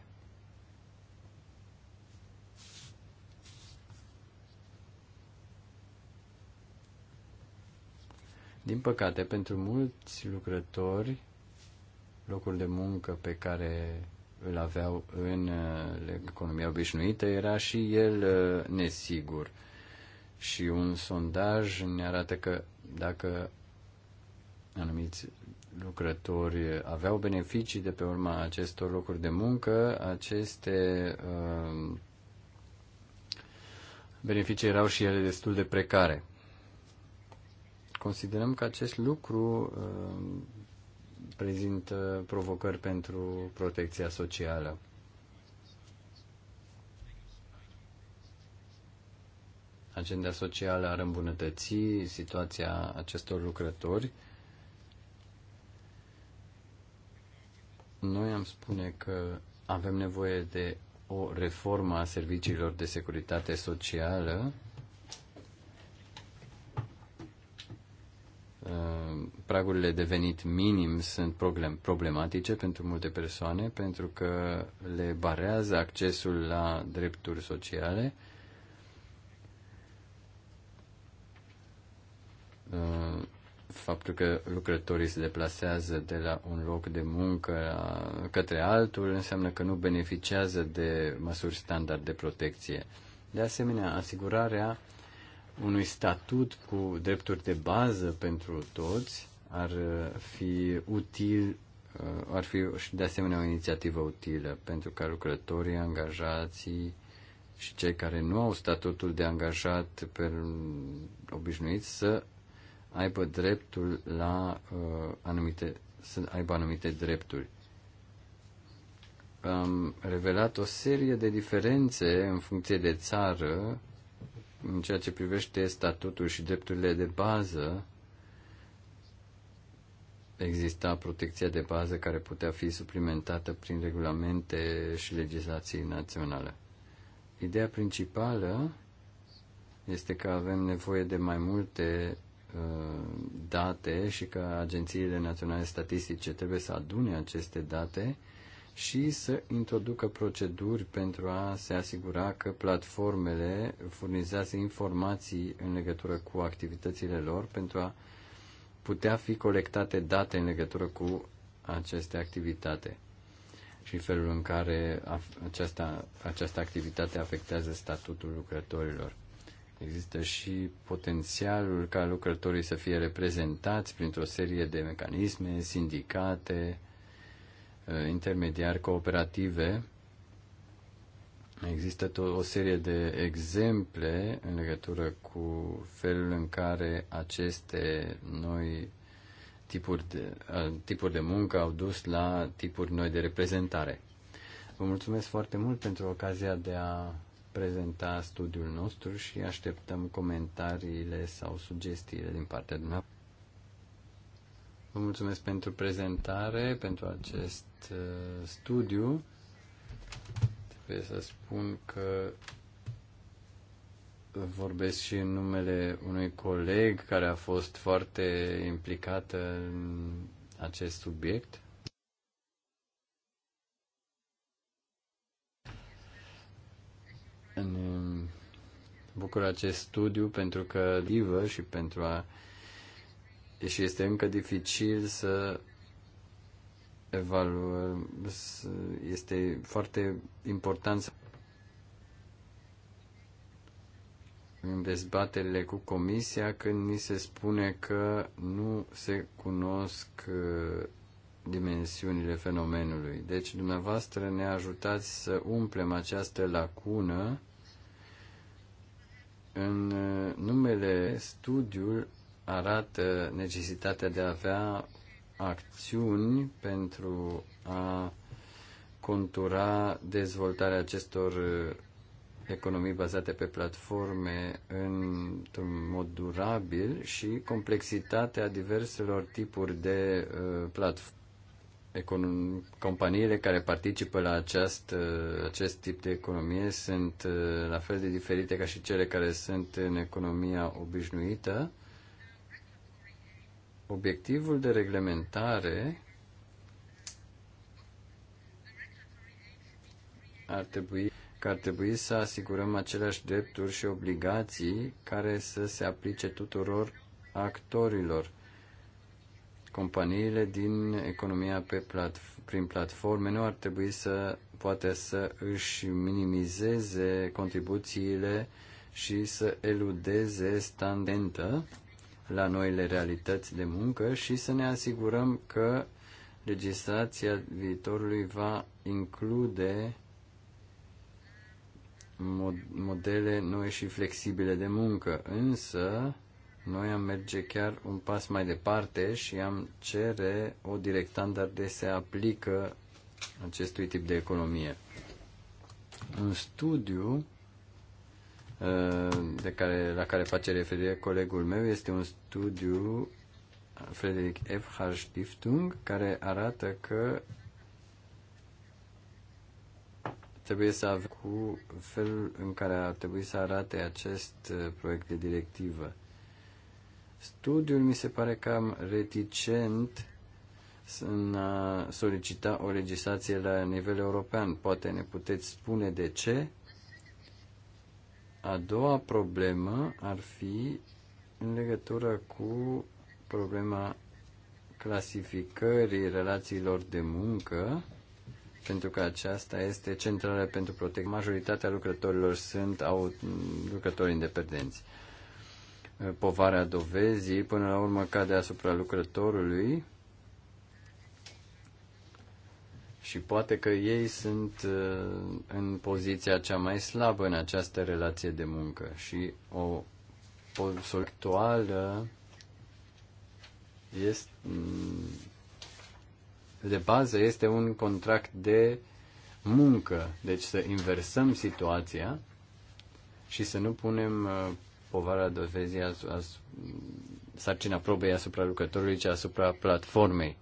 Din păcate, pentru mulți lucrători, locul de muncă pe care îl aveau în uh, economia obișnuită era și el uh, nesigur. Și un sondaj ne arată că dacă anumiți lucrători aveau beneficii de pe urma acestor locuri de muncă, aceste uh, beneficii erau și ele destul de precare. Considerăm că acest lucru uh, prezintă provocări pentru protecția socială. Agenda socială ar îmbunătăți situația acestor lucrători. Noi am spune că avem nevoie de o reformă a serviciilor de securitate socială Uh, pragurile de venit minim sunt problematice pentru multe persoane pentru că le barează accesul la drepturi sociale. Uh, faptul că lucrătorii se deplasează de la un loc de muncă către altul înseamnă că nu beneficiază de măsuri standard de protecție. De asemenea, asigurarea unui statut cu drepturi de bază pentru toți ar fi util, uh, ar fi și de asemenea o inițiativă utilă pentru ca lucrătorii, angajații și cei care nu au statutul de angajat pe obișnuit să aibă dreptul la uh, anumite, să aibă anumite drepturi. Am revelat o serie de diferențe în funcție de țară în ceea ce privește statutul și drepturile de bază, exista protecția de bază care putea fi suplimentată prin regulamente și legislații naționale. Ideea principală este că avem nevoie de mai multe uh, date și că agențiile naționale statistice trebuie să adune aceste date și să introducă proceduri pentru a se asigura că platformele furnizează informații în legătură cu activitățile lor pentru a putea fi colectate date în legătură cu aceste activitate și felul în care aceasta, această activitate afectează statutul lucrătorilor. Există și potențialul ca lucrătorii să fie reprezentați printr-o serie de mecanisme, sindicate, Uh, intermediari cooperative. Există o serie de exemple în legătură cu felul în care aceste noi tipuri de, uh, tipuri de muncă au dus la tipuri noi de reprezentare. Vă mulțumesc foarte mult pentru ocazia de a prezenta studiul nostru și așteptăm comentariile sau sugestiile din partea dumneavoastră. Vă mulțumesc pentru prezentare, pentru acest uh, studiu. Trebuie să spun că vorbesc și în numele unui coleg care a fost foarte implicat în acest subiect. În bucur acest studiu pentru că divă și pentru a și este încă dificil să evaluăm, este foarte important să în dezbaterile cu comisia când ni se spune că nu se cunosc uh, dimensiunile fenomenului. Deci dumneavoastră ne ajutați să umplem această lacună în uh, numele studiul arată necesitatea de a avea acțiuni pentru a contura dezvoltarea acestor economii bazate pe platforme într-un mod durabil și complexitatea diverselor tipuri de uh, platforme. Companiile care participă la acest, uh, acest tip de economie sunt uh, la fel de diferite ca și cele care sunt în economia obișnuită obiectivul de reglementare ar trebui că ar trebui să asigurăm aceleași drepturi și obligații care să se aplice tuturor actorilor. Companiile din economia pe plat, prin platforme nu ar trebui să poate să își minimizeze contribuțiile și să eludeze standentă la noile realități de muncă și să ne asigurăm că legislația viitorului va include mod- modele noi și flexibile de muncă. Însă, noi am merge chiar un pas mai departe și am cere o directandă de se aplică acestui tip de economie. Un studiu Uh, de care, la care face referire colegul meu este un studiu Frederick F. H Stiftung care arată că trebuie să avem cu felul în care ar trebui să arate acest uh, proiect de directivă. Studiul mi se pare cam reticent în a solicita o legislație la nivel european. Poate ne puteți spune de ce, a doua problemă ar fi în legătură cu problema clasificării relațiilor de muncă, pentru că aceasta este centrală pentru protecție. Majoritatea lucrătorilor sunt au, lucrători independenți. Povarea dovezii, până la urmă, cade asupra lucrătorului și poate că ei sunt uh, în poziția cea mai slabă în această relație de muncă și o actuală este mm, de bază este un contract de muncă, deci să inversăm situația și să nu punem uh, povara dovezii sarcina probei asupra lucrătorului, ci asupra platformei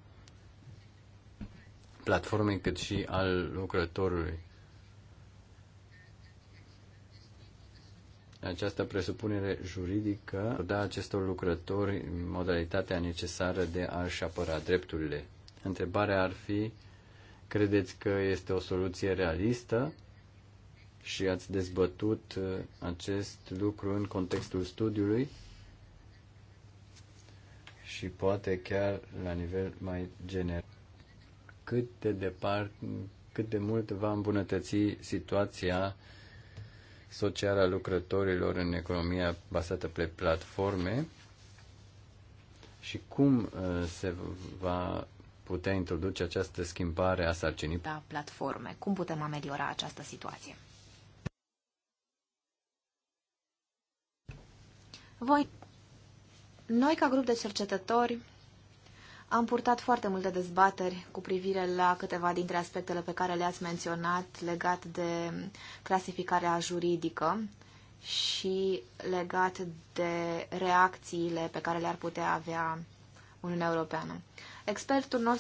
platformei cât și al lucrătorului. Această presupunere juridică da acestor lucrători modalitatea necesară de a-și apăra drepturile. Întrebarea ar fi, credeți că este o soluție realistă și ați dezbătut uh, acest lucru în contextul studiului și poate chiar la nivel mai general cât de departe, cât de mult va îmbunătăți situația socială a lucrătorilor în economia bazată pe platforme și cum uh, se va putea introduce această schimbare a sarcinii. Da, platforme. Cum putem ameliora această situație? Voi, noi ca grup de cercetători am purtat foarte multe dezbateri cu privire la câteva dintre aspectele pe care le-ați menționat legat de clasificarea juridică și legat de reacțiile pe care le-ar putea avea Uniunea Europeană. Expertul nostru